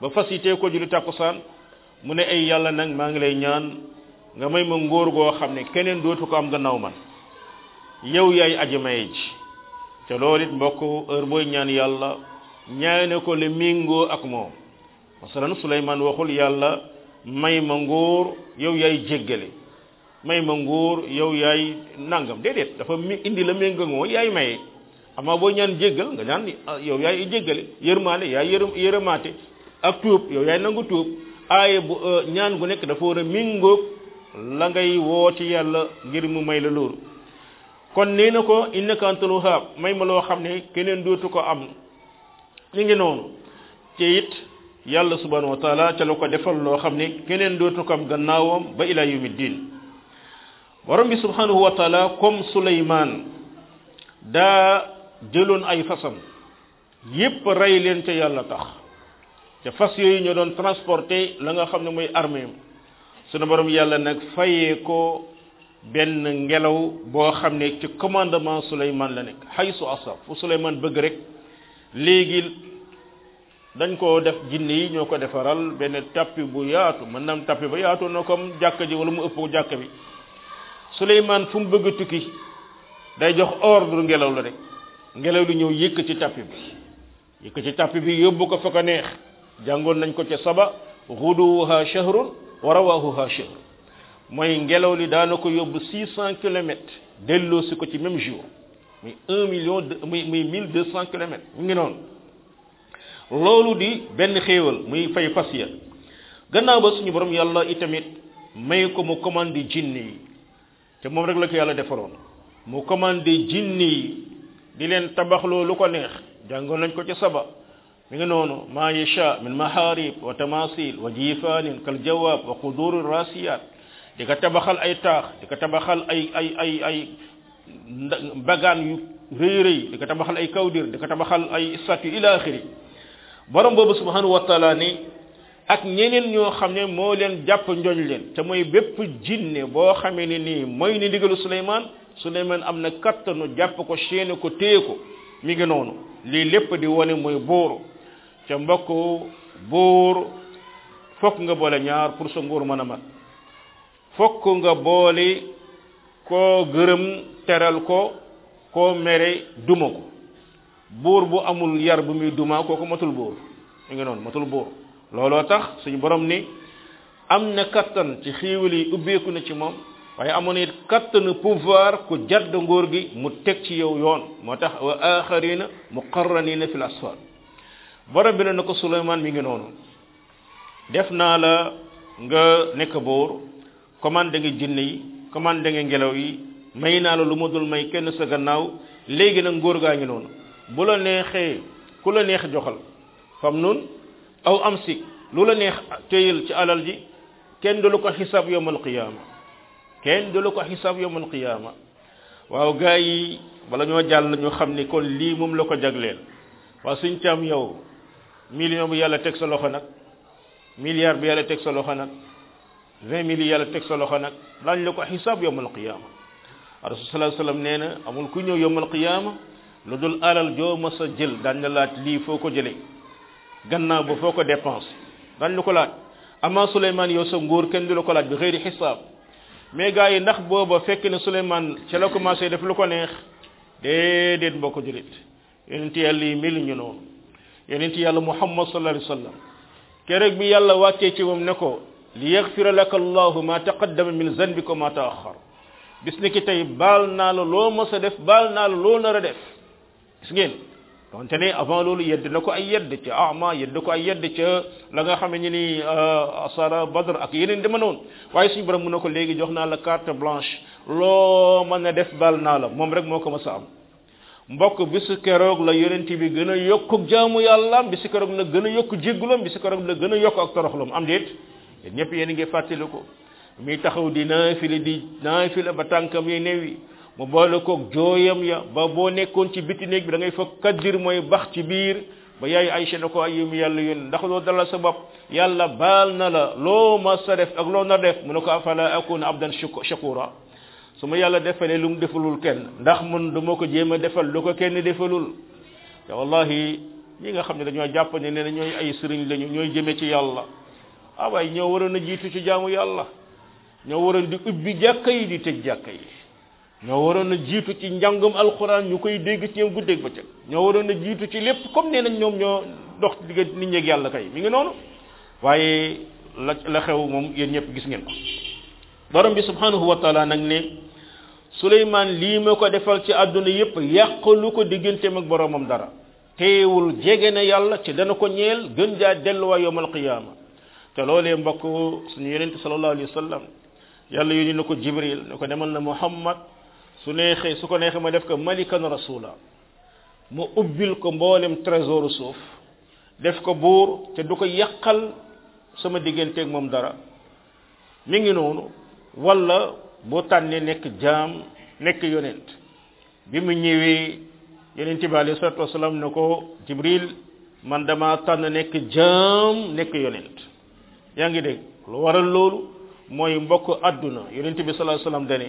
ba fas yi tee ko julli tàkkusaan mu ne ay yàlla nag maa ngi lay ñaan nga may ma ngóor goo xam ne keneen dootu ko am gannaaw man yow yaay aji maye ji te it mbokk heure booy ñaan yàlla ñaane ko le mingoo ak moom masalan Suleymaan waxul yàlla may ma ngóor yow yaay jéggale may ma ngóor yow yaay nangam dee dafa mi indi la méngangoo yaay maye amaa boo ñaan jéggal nga ñaan ah, yow yaay jéggale yërmaane yaay yërë yërëmaate ak tuub yow yaay nangu tuub aaye bu euh, ñaan gu nekk dafa war a mingoog la ngay woo ci yàlla ngir mu may la loolu kon nee na ko innaka antal may ma loo xam ne keneen dootu ko am ñu ngi noonu te it yàlla subhanahu wa taala ca la ko defal loo xam ne keneen dootu ko am gannaawam ba ila yawmiddin waroon bi subhanahu wa taala comme Suleymaan daa jëloon ay fasam yépp rey leen ca yàlla tax ca fas yooyu ñoo doon transporter la nga xam ne mooy armée sunu boroom yàlla nag fayee ko benn ngelaw boo xam ne ci commandement Souleymane la nekk xaysu asaf fu Souleymane bëgg rek léegi dañ ko def jinne yi ñoo ko defaral benn tappi bu yaatu mën naam tappi ba yaatu na comme jàkka ji wala mu ëpp jàkk bi Souleymane fu mu bëgg tukki day jox ordre ngelaw la rek ngelaw li ñëw yëkk ci tappi bi yëkk ci tappi bi yóbbu ko fa ko neex jàngoon nañ ko ca saba xuduwuha shahrun wa rawahuha shahrun mooy ngelaw li daana ko yóbbu six cent kilomètres delloo si ko ci même jour muy un million de muy muy mille deux cent kilomètres mu ngi noonu loolu di benn xéewal muy fay fas ya gannaaw ba suñu borom yàlla itamit may ko mu commandé jinne yi te moom rek la ko yàlla defaroon mu commandé jinne yi di leen tabaxloo lu ko neex jàngoon nañ ko ci saba mi ngi noonu ma yasha min maharib wa tamasil wa jifanin kal jawab wa quduri rasiyat di tabaxal ay taax di tabaxal ay ay ay ay bagaan yu rëy rëy tabaxal ay kawdir di tabaxal ay statue ila axiri borom boobu wa taala ni ak ñeneen ñoo xam ne moo leen jàpp njoñ leen te mooy bépp jinne boo xamee ne nii mooy ni ndigalu Suleymaan Suleymaan am na kattanu jàpp ko séene ko téye ko mi ngi noonu lii lépp di wane mooy booru ca mbokk buur fokk nga boole ñaar pour sa nguur mën a mat fokk nga boole koo gërëm teral ko koo mere duma ko buur bu amul yar bu muy duma kooku matul buur mi ngi noonu matul buur looloo tax suñu borom ni am na kattan ci xiiwal yi ubbeeku na ci moom waaye amoon na it kattanu pouvoir ku jadd nguur gi mu teg ci yow yoon moo tax wa axarina muqarranina fil asfal borom bi ne na ko Souleymane mi ngi noonu def naa la nga nekk buur commandé nga jinne yi commandé nga ngelaw yi may naa la lu ma dul may kenn sa gannaaw léegi nag ngóor gaa ngi noonu bu la neexee ku la neex joxal fam nun aw am si lu la neex téyal ci alal ji kenn du la ko xisaab yawmal qiyaama kenn du la ko xisaab yawmal qiyaama waaw gaa yi bala ñoo jàll ñu xam ni kon lii moom la ko jagleel waa suñ caam yow million bu yàlla teg sa loxo nag milliard bu yàlla teg sa loxo nag vingt mille yàlla teg sa loxo nag lañ la ko xisaab yowmal qiyama rasul salaa sallam nee na amul ku ñëw yowmal qiyama lu dul alal joo ma sa jël dañ la laaj lii foo ko jëlee gannaaw ba foo ko dépense dañ la ko laaj ama suleyman yow sa nguur kenn du la ko laaj bi xëyri xisaab mais gars yi ndax booba fekk ne suleyman ca la commencé def lu ko neex déedéet mbokk julit yonent yàlla yi mel ñu noonu yonent yàlla muhammad sallallahu alayhi wa sallam keroog bi yàlla wàccee ci moom ne ko li yaxfira laka allahu ma taqaddama min zanbika ma taaxar bis ni ki tey baal naa la loo mës a def baal naa loo nar a def gis ngeen avant loolu yedd na ko ay yedd ca ama yedd ko ay yedd ca la nga xam ne ni asara euh, badr ak yeneen dama noonu waaye suñu borom mun na ko léegi jox naa la carte blanche loo mën a def baal naa moom rek moo ko mës am mbokk bisu keroog la yonent bi gën a yokku jaamu yàllaam bisu keroog la gën a yokku jéggulam bisu keroog la gën a yokku ak toroxlam am déet yéen ñëpp yéen a ngi fàttaliku mi taxaw di naafila di naafila ba tànkam yi new yi mu boole koog jooyam ya ba boo nekkoon ci biti néeg bi da ngay foog kaddir mooy bax ci biir ba yaay Aysa ne ko ay yum yàlla yón ndax loo dalal sa bopp yàlla baal na la loo ma sa def ak loo na def mu ne ko afala akuna abdan shakura su ma yàlla defalee lu mu defalul kenn ndax man du ma ko jéem a defal lu ko kenn defalul te wallahi ñi nga xam ne dañoo jàpp nee ne ñooy ay sëriñ lañu ñooy jëme ci yàlla ah waaye ñoo waroon a jiitu ci jaamu yàlla ñoo waroon di ubbi jàkka yi di tëj jàkka yi ñoo waroon a jiitu ci njàngum alxuraan ñu koy dégg ci yow guddeeg bëccëg ñoo waroon a jiitu ci lépp comme nee nañ ñoom ñoo dox diggante nit ñi yàlla kay mi ngi noonu waaye la la xew moom yéen ñëpp gis ngeen ko suleymaan lii ma ko defal ci àdduna yépp yàqalu ko digganteem ak boroomam dara teewul jege na yàlla ci dana ko ñeel gën jaa delluwaay yowmal qiyaama te loolee mbokk suñu yonente sallallahu alayhi wa sallam yàlla yónni na ko jibril ne ko demal na muhammad su neexee su ko neexee ma def ko malikan rasula mu ubbil ko mboolem trésor suuf def ko buur te du ko yàqal sama digganteeg moom dara mi ngi noonu wala boo tànnee nekk jaam nekk yonent bi mu ñëwee yonent bi alayhi salaatu wasalaam ne ko jibril man dama tànn nekk jaam nekk yonent yaa ngi dégg lu waral loolu mooy mbokk àdduna yonent bi sallallahu dane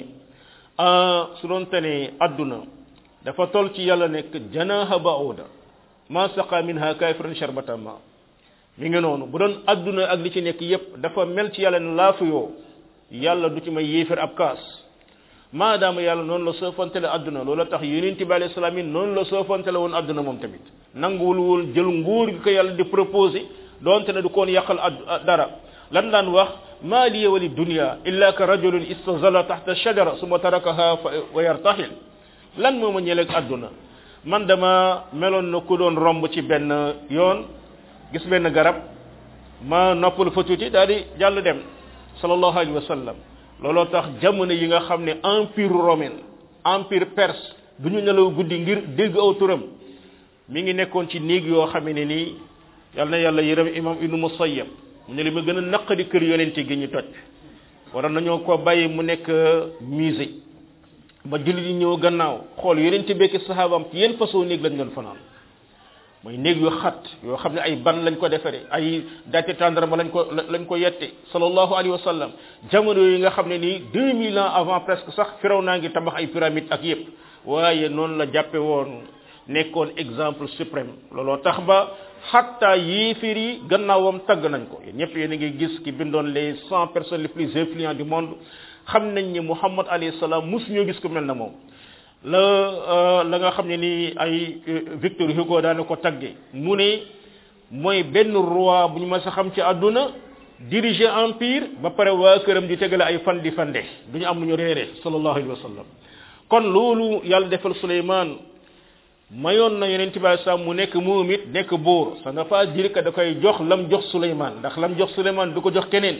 ah, su doon tane àdduna dafa toll ci yàlla nekk janaha ba'uda ma saqa minha kaafiran sharbatan ma mi ngi noonu bu doon adduna ak li ci nekk yépp dafa mel ci yàlla ne laafuyoo yàlla du ci may yéefér ab kaas maadaama yàlla noonu la soofantale adduna loola tax yonent bi alayhi salaam noonu la soofantale woon adduna moom tamit nanguwul woon jël nguur gi ko yàlla di proposé doonte ne du koon yàqal ad dara lan daan wax maa liya wali dunya illa ka rajulun istazala taxta shajara suma tarakaha wa yartaxil lan moo ma ñeleeg adduna man dama meloon na ku doon romb ci benn yoon gis benn garab ma noppalu fa tuuti daal di jàll dem sallallahu alayhi wa sallam looloo tax jamono yi nga xam ne empire romain empire perse du ñu nelaw guddi ngir dégg aw turam mi ngi nekkoon ci néeg yoo xam ne nii yàlla na yàlla yërëm imam ibnu musayyab mu ne li ma gën a naqadi kër yonente gi ñu toj waroon nañoo ko bàyyi mu nekk euh, musée ba jullit yi ñëw gannaaw xool yonente bekki sahaabam ci yenn façon néeg lañ doon fanaan mooy néeg yu xat yoo xam ne ay ban lañ ko defaree ay date ma lañ ko lañ ko yette sallallahu alayhi wa sallam jamono yi nga xam ne nii deux mille ans avant presque sax firaw naa ngi tabax ay pyramide ak yépp waaye noonu la jàppee woon nekkoon exemple suprême looloo tax ba xatta yéefir yi gannaawam tagg nañ ko yéen ñëpp yéen a ngi gis ki bindoon les cent personnes les plus influents du monde xam nañ ni Muhammad alayhi salaam mosu ñoo gis ku mel na moom la la nga xam ni ay victor hugo da na ko tagge mune moy ben roi bu ñu mas a xam ci aduna diriger empire ba pare wa këram di tegal ay fan di fande du ñu am ñu réré sallallahu alayhi wasallam kon lolu yàlla defal suleyman mayon na yenen tiba sa mu nek moom nek bour sa nga fa dire ka da koy jox lam jox suleyman ndax lam jox suleyman du ko jox kenen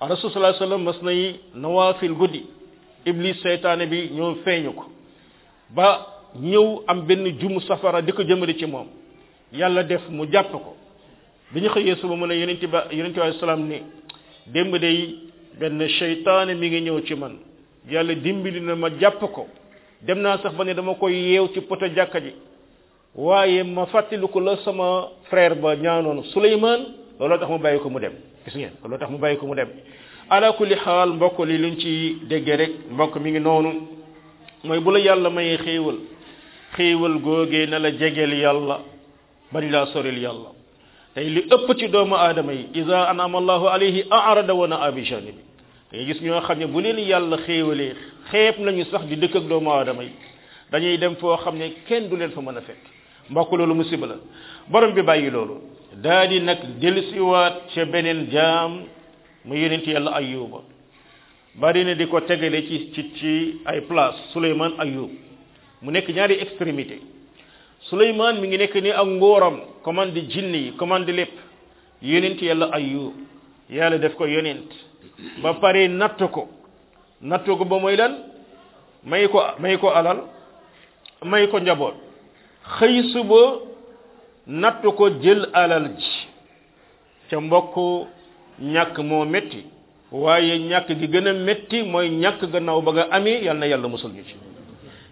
rasul sallallahu alayhi wasallam masnay nawafil gudi iblis shaytan bi ñoo feeñu ko ba ñëw am benn jumu safara dëkk ko ci moom yàlla def mu jàpp ko bi ñu xëyee suba mu ne yonente ba yonente alayhi salaam ni démb day benn seytaane mi ngi ñëw ci man yàlla dimbali na ma jàpp ko dem naa sax ba ne dama koy yeew ci poto jàkka ji waaye ma fàttaliku la sama frère ba ñaanoon Souleymane looloo tax mu bàyyi ko mu dem gis ngeen looloo tax mu bàyyi ko mu dem ala xaal mbokk li luñ ci déggee rek mbokk mi ngi noonu mooy bu la yàlla mayee xéewal xéewal googee na la jegeel yàlla bañ laa soril yàlla tey li ëpp ci doomu aadama yi isa anama allahu alayhi arada wa na abi janibi dangay gis ñoo xam ne bu leen yàlla xéewalee xeeb nañu sax di dëkk ak doomu aadama yi dañuy dem foo xam ne kenn du leen fa mën a fekk mbokk loolu musiba la borom bi bàyyi loolu daa di nag dellusiwaat ca beneen jaam mu yonent yàlla ayuba bari di ko tegale ci ci ci ay place ak Ayoub mu nekk ñaari extrémité Souleymane mi ngi nekk ni ak ngóoram commande jinne yi commande lépp yonent yàlla Ayoub yàlla def ko yonent ba pare natt ko natt ko ba mooy lan may ko may ko alal may ko njaboot xëy suba natt ko jël alal ji ca mbokk ñàkk moo metti waaye ñàkk gi gën a métti mooy ñàkk gannaaw ba nga amee yal na yàlla musal ñu ci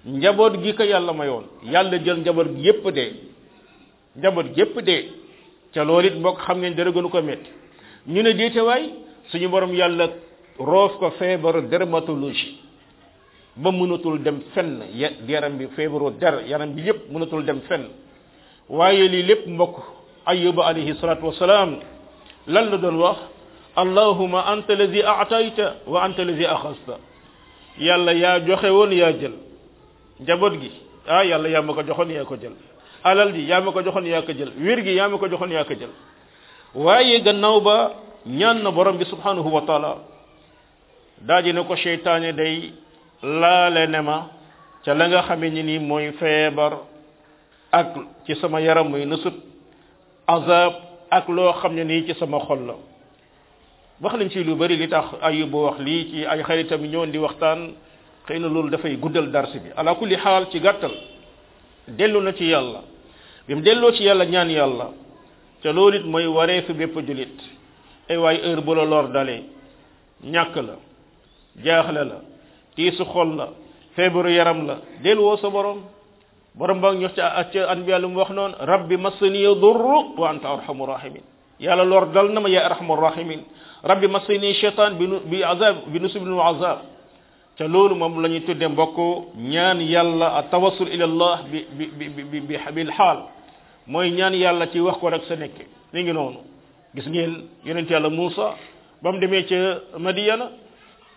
njaboot gi ko yàlla mayoon yàlla jël njaboot gi yépp dee njaboot gi yépp dee ca loolu it mbokk xam ngeen dara gënu ko metti ñu ne déete waay suñu borom yàlla roof ko feebaru dermatologie ba mënatul dem fenn yaram bi feebaru der yaram bi yépp mënatul dem fenn waaye lii lépp mbokk ayuba alayhi salatu wasalaam lan la doon wax allahuma anta lazi atayta wa anta lazi axasta yàlla yaa joxewoon woon yaa jël njaboot gi ah yàlla ya ma ko joxoon yaa ko jël alal ji yaa ma ko joxoon yaa ko jël wér gi yaa ma ko joxoon yaa ko jël waaye gannaaw ba ñaan na borom bi subhanahu wa taala daaji ne ko seytaane day laale ne ma ca la nga xamee ni mooy feebar ak ci sama yaram muy nësut azab ak loo xam ne nii ci sama xol la wax nañ ci lu bari li tax ayub wax lii ci ay xaritam ñoon di waxtaan xëy na loolu dafay guddal dars bi ala kulli xaal ci gàttal dellu na ci yàlla bi mu delloo ci yàlla ñaan yàlla te loolu it mooy waree fi bépp jullit ay waay heure bu la lor ñàkk la jaaxle la tiisu xool la feebaru yaram la delluwoo sa borom borom ba ñu ca ca an bi yàlla mu wax noonu rabbi massaniya durru wa anta arhamu rahimin yàlla lor dal na ma yaa arhamar rahimin rabbi masini shaytan bi nu bi azab bi nusubin wa azab ca loolu moom la ñuy tudde mbokk ñaan yàlla a tawassul ila allah bi bi bi bi mooy ñaan yàlla ci wax ko rek sa nekk ni ngi noonu gis ngeen yonent yàlla Muusa ba mu demee ca Madiyana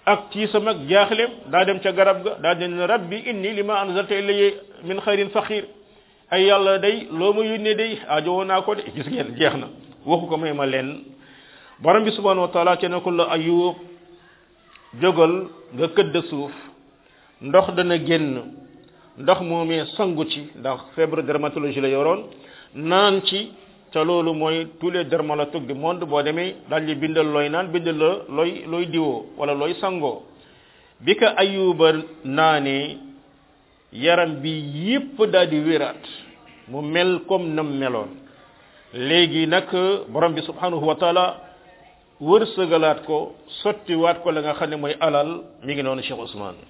ak tiisam ak jaaxleem daa dem ca garab ga daa dem rabbi inni lima anzalta ilayya min xayrin faqiir ay yàlla day loo ma yónnee day aajo woon naa ko de gis ngeen jeex na ko may ma borom bi subhanahu wa taala ci nekkul la ayub jógal nga këdd suuf ndox dana génn ndox moomee sangu ci ndax fièvre dermatologie la yoroon naan ci te loolu mooy tous les dermatologues du monde boo demee daal di bindal looy naan bindal la looy looy diwoo wala looy sangoo bi ko ayuba naanee yaram bi yépp daal di wéraat mu mel comme nam meloon léegi nag borom bi subhanahu wa galaat ko waat ko la nga xam ne mooy alal mi ngi noonu Cheikh Ousmane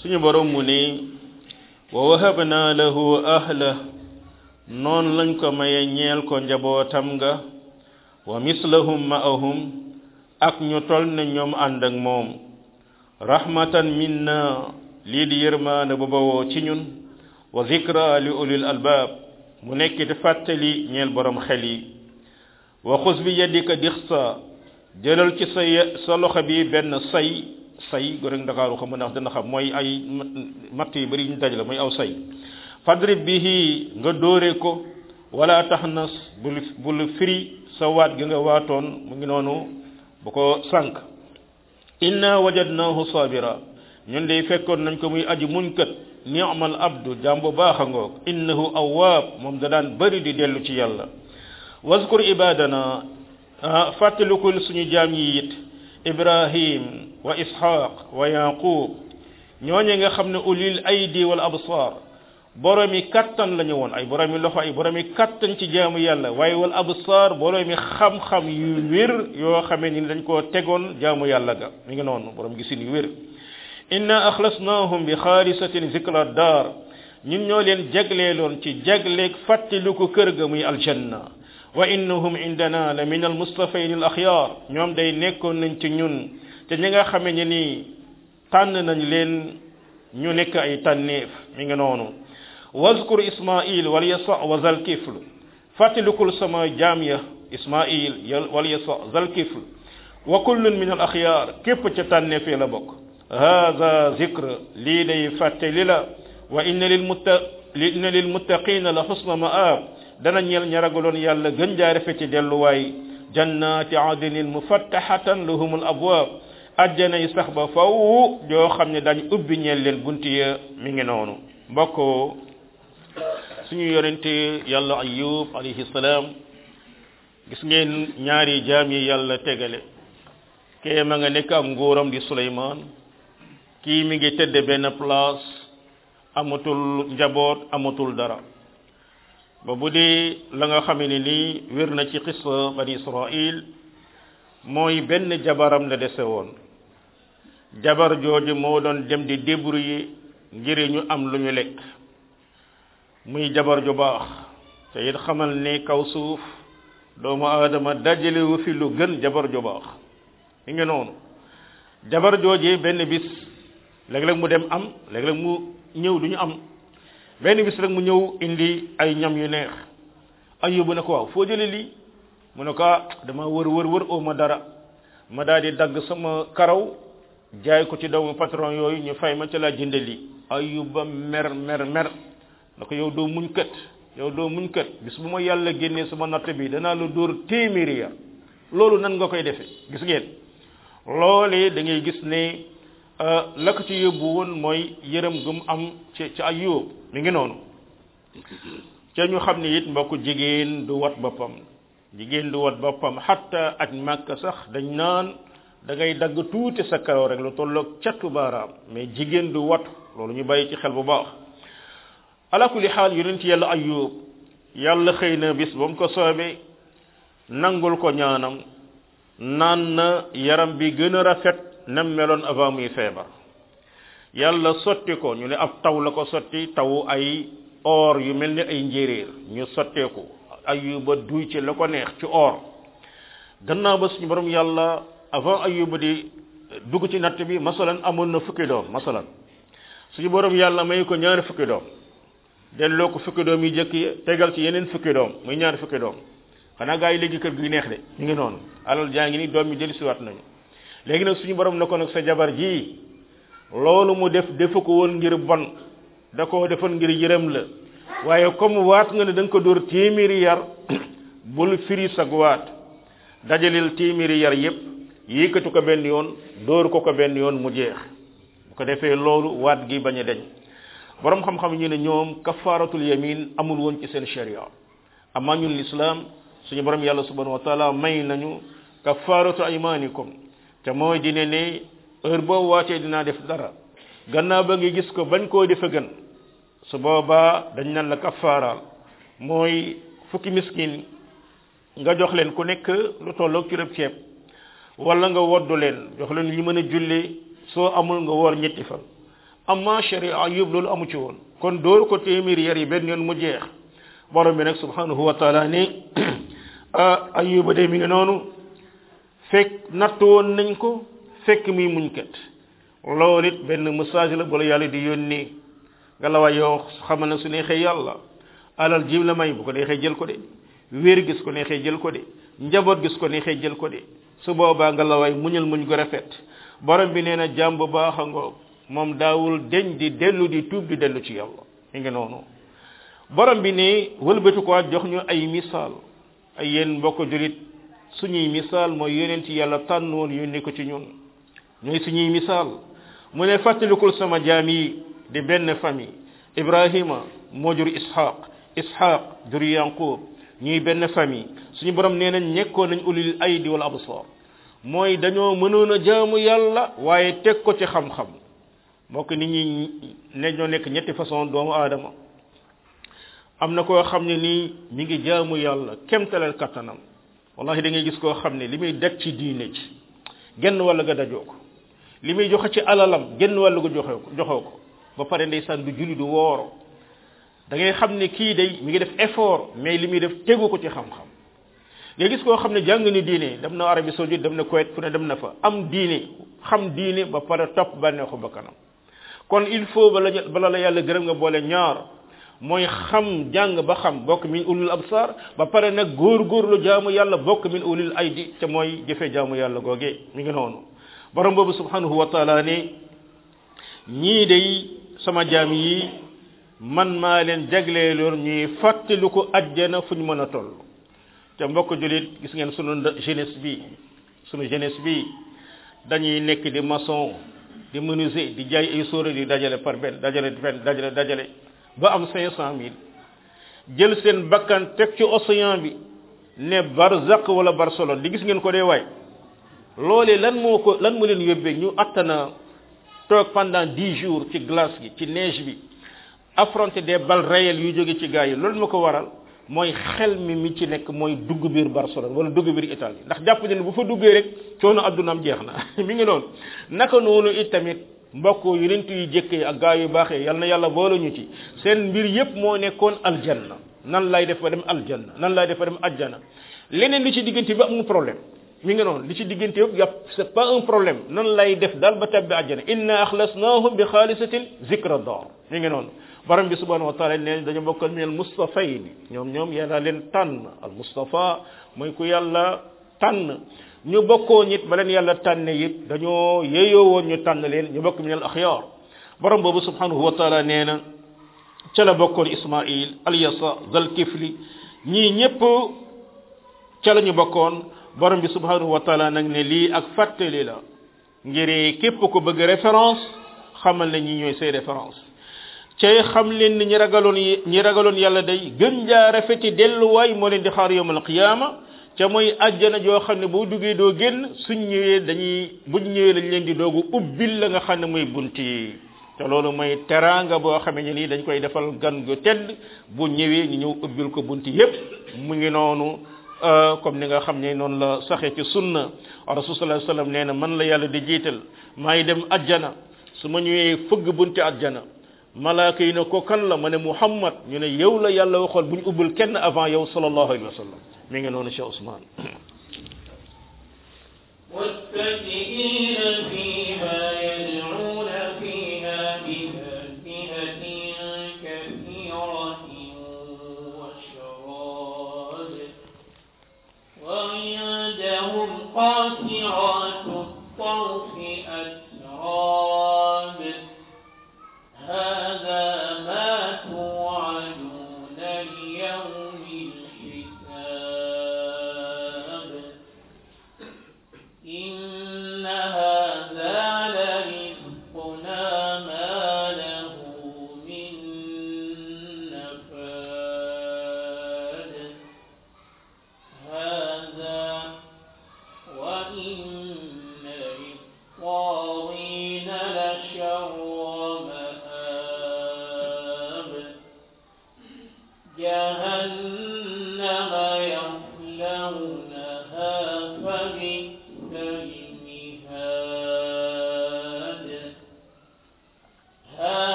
suñu borom mu ne wa lahu ahla noonu lañ ko maye ñeel ko njabootam nga wa mislahum ma'ahum ak ñu tol ne ñoom ànd ak moom rahmatan minna lii di yërmaane bu bawoo ci ñun wa zikra li ulil albaab mu nekk di fàttali ñeel borom xel yi wa xus bi yadika dixsa jëlal ci sa sa loxo bi benn say say go rek ndakaaru xam ndax dina xam mooy ay matt yu bari ñu daj la mooy aw say fadrib bihi nga doore ko wala tax nas bul bul sa waat gi nga waatoon mu ngi noonu bu ko sànq inna wajadnahu sabira ñun de fekkoon nañ ko muy aji muñkat ni'mal abdu jàmbu baax a ngoog innahu awwaab moom da daan bari di dellu ci yàlla waskur ibadana ah, fàttalikul suñu jaam yi ibrahim wa ishaq wa yaqub ñooñe nga xam ne ulil aydi wal absar boromi kattan la ñu woon ay boromi loxo ay boromi kattan ci jaamu yàlla waaye wal absar boromi xam-xam yu wér yoo xamee ni lañ ko tegoon jaamu yàlla ga mi ngi noonu borom gisin yu wér inna axlasnahum bi xaalisatin zikra daar ñun ñoo leen jagleeloon ci jagleeg fàttaliku kër ga muy aljanna وإنهم عندنا لمن المصطفين الأخيار نعم دي نيكون ننتنون تنجا خميني تان ننجلين نيونيك أي تنف من نونو واذكر إسماعيل وليسع وزل كفل فاتلك السماء جامية إسماعيل وليسع زل كفل وكل من الأخيار كيف تتنف لبك هذا ذكر لي لي فاتلل وإن للمتقين لحسن مآب ما dana ñeel ña ragaloon yàlla gën jaay rafeti delluwaay jannati adnin mufattahatan lahumul abwaab ajjana yi sax ba faw yoo xam ne dañ ubbi ñeen leen bunt ya mi ngi noonu mbokk suñu yonente yàlla ayub alayhi salaam gis ngeen ñaari jaam yi yàlla tegale kee ma nga nekk am nguuram di Suleymaan kii mi ngi tëdd benn place amatul njaboot amatul dara ba bu dee la nga xamee ne lii wér na ci xissa bani israil mooy benn jabaram la dese woon jabar jooju moo doon dem di débrouiller ngir ñu am lu ñu lekk muy jabar ju baax te it xamal ni kaw suuf doomu aadama dajalewu fi lu gën jabar ju baax mi ngi noonu jabar jooje benn bis léeg-léeg mu dem am léeg-léeg mu ñëw du ñu am benn bis rek mu ñëw indi ay ñam yu neex ayubu ne ko waaw foo jëlee lii mu ne ko ah, dama wër wër wër oo ma dara ma daal di dagg sama karaw jaay ko ci doomu patron yooyu ñu fay ma ca laa jënde lii ayuba mer mer mer na ko yow doo muñ kët yow doo muñ kët bis bu ma yàlla génnee suma natt bi danaa la dóor téeméeri ya loolu nan nga koy defe gis ngeen loole da gis ne Euh, la ko ci yóbbu woon mooy yërëm gu mu am ci ci Ayub mi ngi noonu ca ñu xam ni it mbokku jigéen du wat boppam jigéen du wat boppam xatta ak màkk sax dañ naan dangay ngay dagg tuuti sa karaw rek lu tollook catu baaraam mais jigéen du wat loolu ñu bàyyi ci xel bu baax ala kulli xaal ci yàlla Ayub yàlla xëy na bis ba mu ko soobee nangul ko ñaanam naan na yaram bi gën a rafet nam meloon avant muy feebar yàlla sotti ko ñu ne ab taw la ko sotti taw ay or yu mel ni ay njéeréer ñu sotteeku ay ayuba duy ci la ko neex ci or gannaaw ba suñu borom yàlla avant ayuba di dugg ci natt bi masalan amoon na fukki doom masalan suñu borom yàlla may ko ñaari fukki doom delloo ko fukki doom yi jëkk yi tegal ci yeneen fukki doom muy ñaari fukki doom xanaa gaa yi léegi kër gi neex de ñu ngi noonu alal jaa ngi ni doom yi dellusiwaat nañu léegi nag suñu borom na ko nag sa jabar ji loolu mu def defu ko woon ngir bon da koo defoon ngir jërëm la waaye comme waat nga ne da ko dóor téeméeri yar bul firi sag waat dajalil téeméeri yar yépp yëkkatu ko benn yoon dóor ko ko benn yoon mu jeex bu ko defee loolu waat gi bañ a deñ boroom xam-xam ñu ne ñoom kafaaratul yamin amul woon ci seen sharia amaa lislaam suñu borom yàlla subhanahu wa may nañu kafaaratu aymanikum te mooy dina ne heure boo waatee dinaa def dara gannaaw ba ngi gis ko bañ koo defe gën su boobaa dañ nan la kafaaraal mooy fukki miskin nga jox leen ku nekk lu tolloog ci rëb ceeb walla nga woddu leen jox leen yu mën a julli soo amul nga woor ñetti fan amma sharia yóbbu loolu amu ci woon kon dóor ko téeméeri yar yi benn yoon mu jeex borom bi nag subhanahu wa taala ni ayuba ah, de mi ngi noonu fekk natt woon nañ ko fekk muy muñkat loolu it benn message la bu yàlla di yónnee nga la waa yow xam ne su neexee yàlla alal jiw la may bu ko neexee jël ko de wéer gis ko neexee jël ko de njaboot gis ko neexee jël ko de su boobaa nga la waay muñal muñ gu rafet borom bi nee na jàmm bu baax a moom daawul deñ di dellu di tuub di dellu ci yàlla mi ngi noonu borom bi ne wëlbatu ko jox ñu ay misaal ay yéen mbokk julit suñuy misaal mooy ci yàlla tànn woon yónni ko ci ñun ñooy ñuy misaal mu ne fàttalikul sama jaam yi di benn famille Ibrahima moo jur Ishaq Ishaq jur Yanqub ñuy benn famille suñu borom nee nañ nekkoon nañ ulil aydi wal absar mooy dañoo mënoon a jaamu yàlla waaye teg ko ci xam-xam mbokk nit ñi ne ñoo nekk ñetti façon doomu aadama am na koo xam ne nii mu ngi jaamu yàlla kemtalal kattanam wallahi da ngay gis koo xam ne li may daj ci diine ci genn wàll ga dajoo ko li muy joxe ci alalam genn wàll ga joxe ko joxoo ko ba pare ndeysaan du julli du wooro dangay xam ne kii day mi ngi def effort mais li muy def tegu ko ci xam-xam nga gis koo xam ne jàng ni diine dem na Arabie Saoudite dem na Kuwait fu ne dem na fa am diine xam diine ba pare topp bànneexu ba kanam kon il faut bala la yàlla gërëm nga boole ñaar mooy xam jàng ba xam bokk min ulul absar ba pare nag góor-góorlu jaamu yàlla bokk min ay aydi te mooy jëfe jaamu yàlla googee mi ngi noonu borom boobu subhanahu wa taala ne ñii day sama jaam yi man maa leen jagleeloon ñuy fàttali ko ajjana fu ñu mën a toll te mbokk jullit gis ngeen sunu jeunesse bi sunu jeunesse bi dañuy nekk di mason di menuisier di jaay ay sóore di dajale par benn dajale benn dajale dajale ba am cinq cent mille jël seen bakkan teg ci océan bi ne Barzak wala Barcelone di gis ngeen ko dee waay loolee lan moo ko lan moo leen yóbbee ñu àttana toog pendant dix jours ci glace gi ci neige bi affronter des bal réelles yu jóge ci gars yi loolu ma ko waral mooy xel mi mi ci nekk mooy dugg biir Barcelone wala dugg biir Italie ndax jàpp ne bu fa duggee rek coono addunaam jeex na mi ngi noonu naka noonu it tamit mbokk yu yonent yu jëkke ak gaa yu baaxee yal na yàlla boole ñu ci seen mbir yépp moo nekkoon aljanna nan lay def ba dem aljanna nan lay def ba dem aljanna leneen li ci diggante bi amul problème mi ngi noonu li ci diggante yëpp yàpp c'est pas un problème nan lay def dal ba tabbi aljanna inna akhlasnahu bi khalisatin zikra dar mi ngi noonu borom bi subhanahu wa taala neen dañu bokkal min al mustafayn ñoom ñoom yàlla leen tànn al mustafa mooy ku yàlla tànn ñu bokkoo ñit ba leen yàlla tànn it dañoo yeyoo woon ñu tànn leen ñu bokk min a axyaar borom boobu subhanahu wa taala nee na ca la bokkoon Ismail Alyasa Zalkifli ñii ñëpp ca la ñu bokkoon borom bi subhanahu wa taala nag ne lii ak fàttali la ngir képp ko bëgg référence xamal ne ñi ñooy say référence cay xam leen ni ñi ragaloon ñi ragaloon yàlla day gën jaa rafeti delluwaay moo leen di xaar yowmal qiyaama ca mooy àjjana joo xam ne boo duggee doo génn suñ ñëwee dañuy buñ ñëwee lañ leen di doogu ubbil la nga xam ne mooy bunt yi te loolu mooy teraanga boo xamee ne nii dañ koy defal gan gu tedd bu ñëwee ñu ñëw ubbil ko bunt yépp mu ngi noonu euh, comme ni nga xam ne noonu la saxee ci sunna rasul sallallahu alayhi wasallam nee na man la yàlla di jiital maa ngi dem àjjana su ma ñëwee fëgg bunti àjjana malaaka yi ne ko kan la ma ne muhammad ñu ne yow la yàlla waxoon bu ñu ubbul kenn avant yow sallallahu alayhi wa sallam mi ngi noonu cheikh ousmane والتكئين فيها يدعون فيها بفاكهة كثيرة وشراب وعندهم قاصرات الطرف أتراب هذا ما توعدون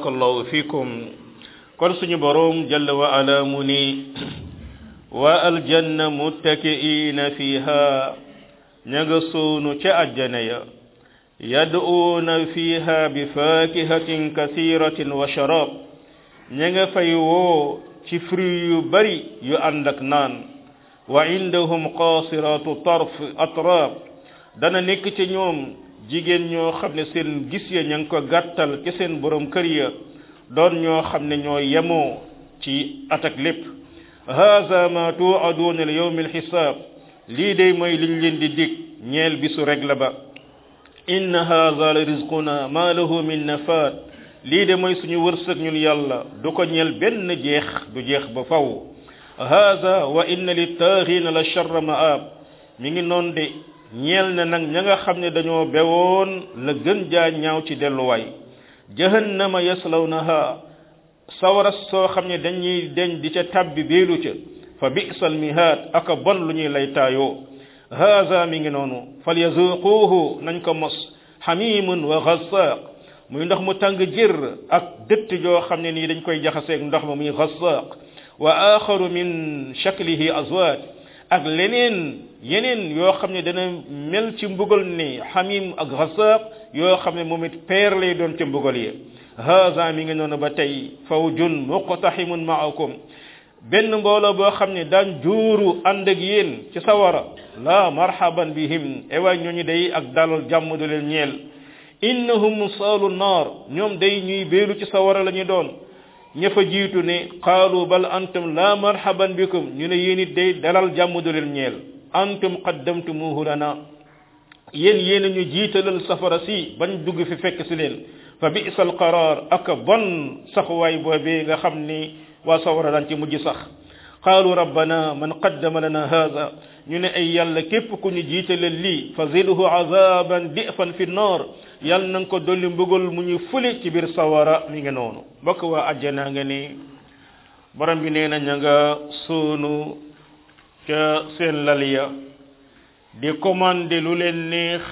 بارك الله فيكم قال سني بروم جل وعلا مني والجنة متكئين فيها نغسون تأجنا يدعون فيها بفاكهة كثيرة وشراب نغا فيو تفري بري يو عندك نان وعندهم قاصرات طرف أطراب دانا نيك تنيوم jigéen ñoo xam ne seen gis ya ña ngi ko gàttal ci seen borom kër ya doon ñoo xam ne ñoo yemoo ci atak lépp haza ma tuuaduuna li yawmi alxisaab lii day mooy liñ leen di dig ñeel bisu reg la ba in haza la rizquna ma lahu min nafaat lii de mooy suñu wërsëg ñun yàlla du ko ñeel benn jeex du jeex ba faw haza wa inna littaaxiina la charra maab mi ngi noon de ñeel na nag ña nga xam ne dañoo bewoon la gën jaa ñaaw ci delluwaay jahannama yaslawnaha sawara soo xam ne dañuy deñ di ca tabbi beelu ca fa bi'sal mihaad aka bon lu ñuy lay haza mi ngi noonu falyazuquuhu nañ ko mos xamimun wa xassaq muy ndox mu tàng jër ak dëtt joo xam ne nii dañ koy jaxaseeg ndox mu muy xassaq wa axaru min shaklihi azwaaj ak leneen yeneen yoo xam ne dana mel ci mbugal ni xamim ak xasaq yoo xam ne moom it peer lay doon ci mbugal yi haza mi ngi noonu ba tey fow fawjun muqtaximun maakum benn mbooloo boo xam ne daan juuru ànd ak yéen ci sawara la marhaban bihim ewaay ñooñu day ak dalal jàmm du leen ñeel innahum saalu naar ñoom day ñuy beelu ci sawara la doon ña fa jiitu ne qaalu bal antum la marhaban bikum ñu ne yéen it day dalal jàmm du leen ñeel antum qaddamtumuhu lana yéen yéen ñu jiitalal safara si bañ dugg fi fekk si fa bisa al qaraar aka bon saxuwaay boobee nga xam ni wa sawara daan ci mujj sax qaalu rabbana man qaddama lana haada ñu ne ay yàlla képp ku ñu jiitalal lii fa zidhu azaban difan fi nnaar yàlla na nga ko dolli mu ñu fule ci biir sawara mi ngi noonu mbokk waa ajjanaa nga ni borom bi nee na ña nga soonu ca seen lal ya di commandé lu leen neex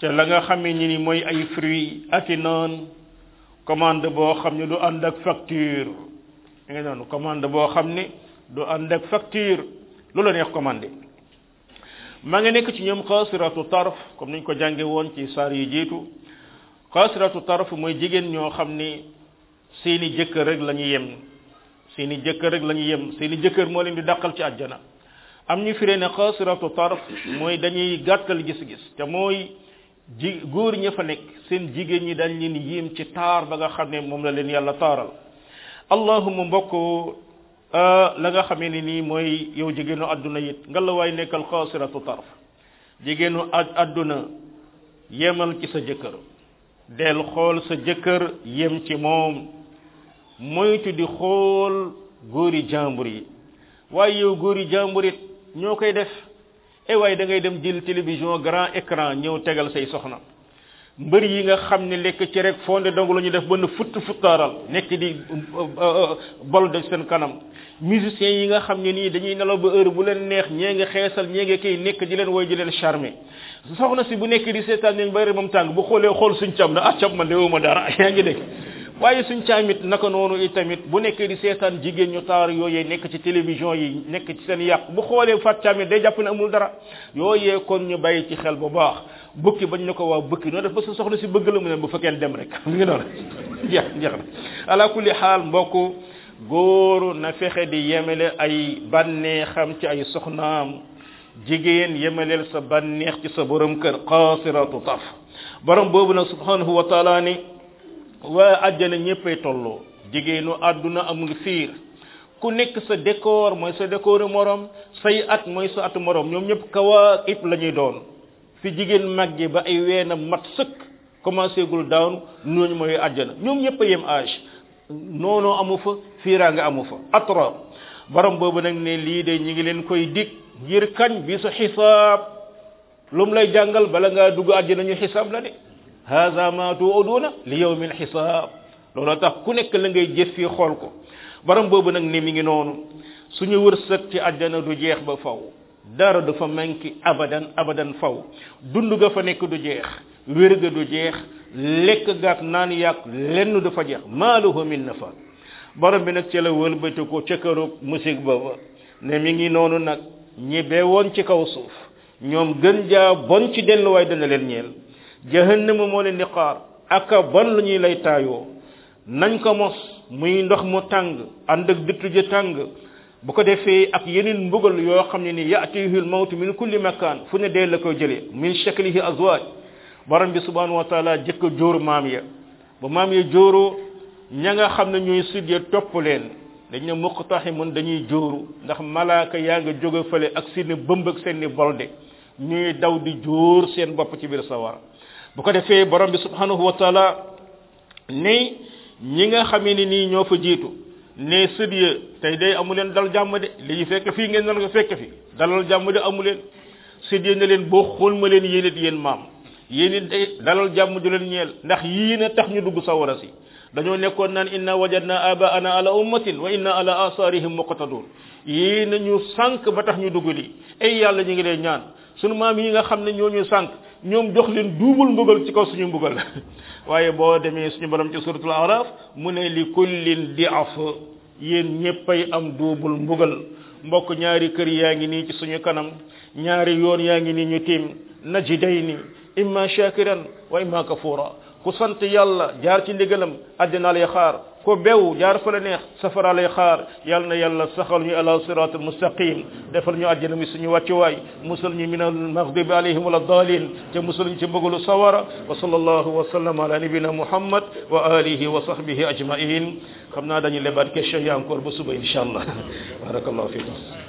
ca la nga xamee ni ni mooy ay fruits ak i naan commande boo xam ne du ànd ak facture da nga noonu commande boo xam ne du ànd ak facture lu la neex commandé maa ngi nekk ci ñoom xaasiratu taraf comme niñ ko jànge woon ci saar yi jiitu xaasiratu taraf mooy jigéen ñoo xam ne seeni jëkkër rek la yem seen i jëkkër rek la ñu yem seen i jëkkër moo leen di dàqal ci àjjana am ñu firee ne xasiratu taraf mooy dañuy gàkkal gis-gis te mooy ji góor ña fa nekk seen jigéen ñi dañ leen yéem ci taar ba nga xam ne moom la leen yàlla taaral allahuma mbokk ah, la nga xamee ne nii mooy yow jigéenu àdduna yit nga la waay nekkal xasiratu taraf jigéenu adduna yemal ci sa jëkkër del xool sa jëkkër yem ci moom moytu di xool góori jàmbur yi waaye yow góori jàmbur it ñoo koy def e waaye dangay dem jël télévision grand écran ñëw tegal say soxna mbër yi nga xam ne lekk ci rek fonde dong la ñu def benn futt futtaaral nekk di euh, euh, euh, bol de seen kanam musiciens yi nga xam ne nii dañuy nelaw ba heure bu leen neex ñee nga xeesal ñee nga nekk di leen woy di leen charmer soxna si bu nekk di seetaan nañ ba moom tàng bu xoolee xool suñ cam na ah cam man ma dara yaa ngi de waaye suñ caamit naka noonu itamit bu nekk di seetaan jigéen ñu taar yooyee nekk ci télévision yi nekk ci seen yàq bu xoolee fat caamit day jàpp ne amul dara yooyee kon ñu bàyyi ci xel bu baax bukki bañ na ko waa bukki noo dafa ba sa soxna si bëgg la mu ne bu fekkee dem rek mi ngi noonu jeex jeex na ala kulli xaal mbokk góor na fexe di yemele ay bànneexam ci ay soxnaam jigéen yemeleel sa bànneex ci sa borom kër qaasiratu taf borom boobu nag subhanahu wa taala ni waa àjjana ñëppay tolloo jigéenu àdduna amul fiir ku nekk sa décor mooy sa décoru morom say at mooy sa atu moroom ñoom ñëpp kawaakib la ñuy doon fi jigéen ji ba ay weenam mat sëkk commencé gul daaw ñooñu mooy àjjana ñoom ñëpp a yem aj noonoo amu fa fiiraa nga amu fa atra borom boobu nag ne lii de ñu ngi leen koy dikk ngir kañ bi su xisaab lu mu lay jàngal bala ngaa dugg àjjana nañu xisaab la de hada ma tuuduuna li yow mi yawmil xisaab looloo tax ku nekk la ngay jëf fii xool ko borom boobu nag ni mi ngi noonu suñu wërsëg ci àjjana du jeex ba faw dara dafa fa abadan abadan faw dund ga fa nekk du jeex wér ga du jeex lekk gaak naan yàq lenn dafa fa jeex maaluhu min nafa borom bi nag ci la wëlbati ko ca këru musique booba ne mi ngi noonu nag ñi woon ci kaw suuf ñoom gën jaa bon ci delluwaay dana leen ñeel jahannama moo leen di xaar aka bon lu ñuy lay taayoo nañ ko mos muy ndox mu tàng ànd ak dëttu ji tàng bu ko defee ak yeneen mbugal yoo xam ne ni yaatihil mawtu min kulli makan fu ne dee la koy jëlee min shaklihi azwaj borom bi subhanahu wa taala jëkk a jóoru maam ya ba maam ya jóoroo ña nga xam ne ñooy sud ya topp leen dañ ne muqtahimun dañuy jóoru ndax malaaka yaa nga jóge fële ak seeni bëmb seen seeni de ñuy daw di jóor seen bopp ci biir sawara bu ko defee borom bi subhanahu wa taala ni ñi nga xamee ni nii ñoo fa jiitu ne sët ya tey day amu leen dal jàmm de li fekk fii ngeen na ko fekk fi dalal jàmm de amu leen sët leen boo xool ma leen yéen it yéen maam yéen it day dalal jàmm ju leen ñeel ndax yii na tax ñu dugg sawara si dañoo nekkoon naan inna wajadna abaana ala ummatin wa inna ala asarihim muqtadun yii na ñu sànq ba tax ñu dugg lii ay yàlla ñu ngi lay ñaan sunu maam yi nga xam ne ñoo ñu sànq ñoom jox leen duubul mbugal ci kaw suñu mbugal waaye boo demee suñu borom ci suratul araf mu ne li kullin di af yéen ñéppay am duubul mbugal mbokk ñaari kër yaa ngi nii ci suñu kanam ñaari yoon yaa ngi nii ñu tiim najidayni imma shakiran wa imma kafura ku sant yàlla jaar ci ndigalam àddina lay xaar ko bew jaar fa la neex safara lay xaar yàlla na yàlla saxal ñu ala siratul mustaqim defal ñu àjjana mi suñu wàccu waay musal ñu min al maghdubi alayhim wala dalin te musal ñu ci mbëgalu sawara wa sallallahu wa sallam ala nabina muhammad wa alihi wa sahbihi ajma'in xam naa dañu lebat question yi encore ba suba inshallah barakallahu fikum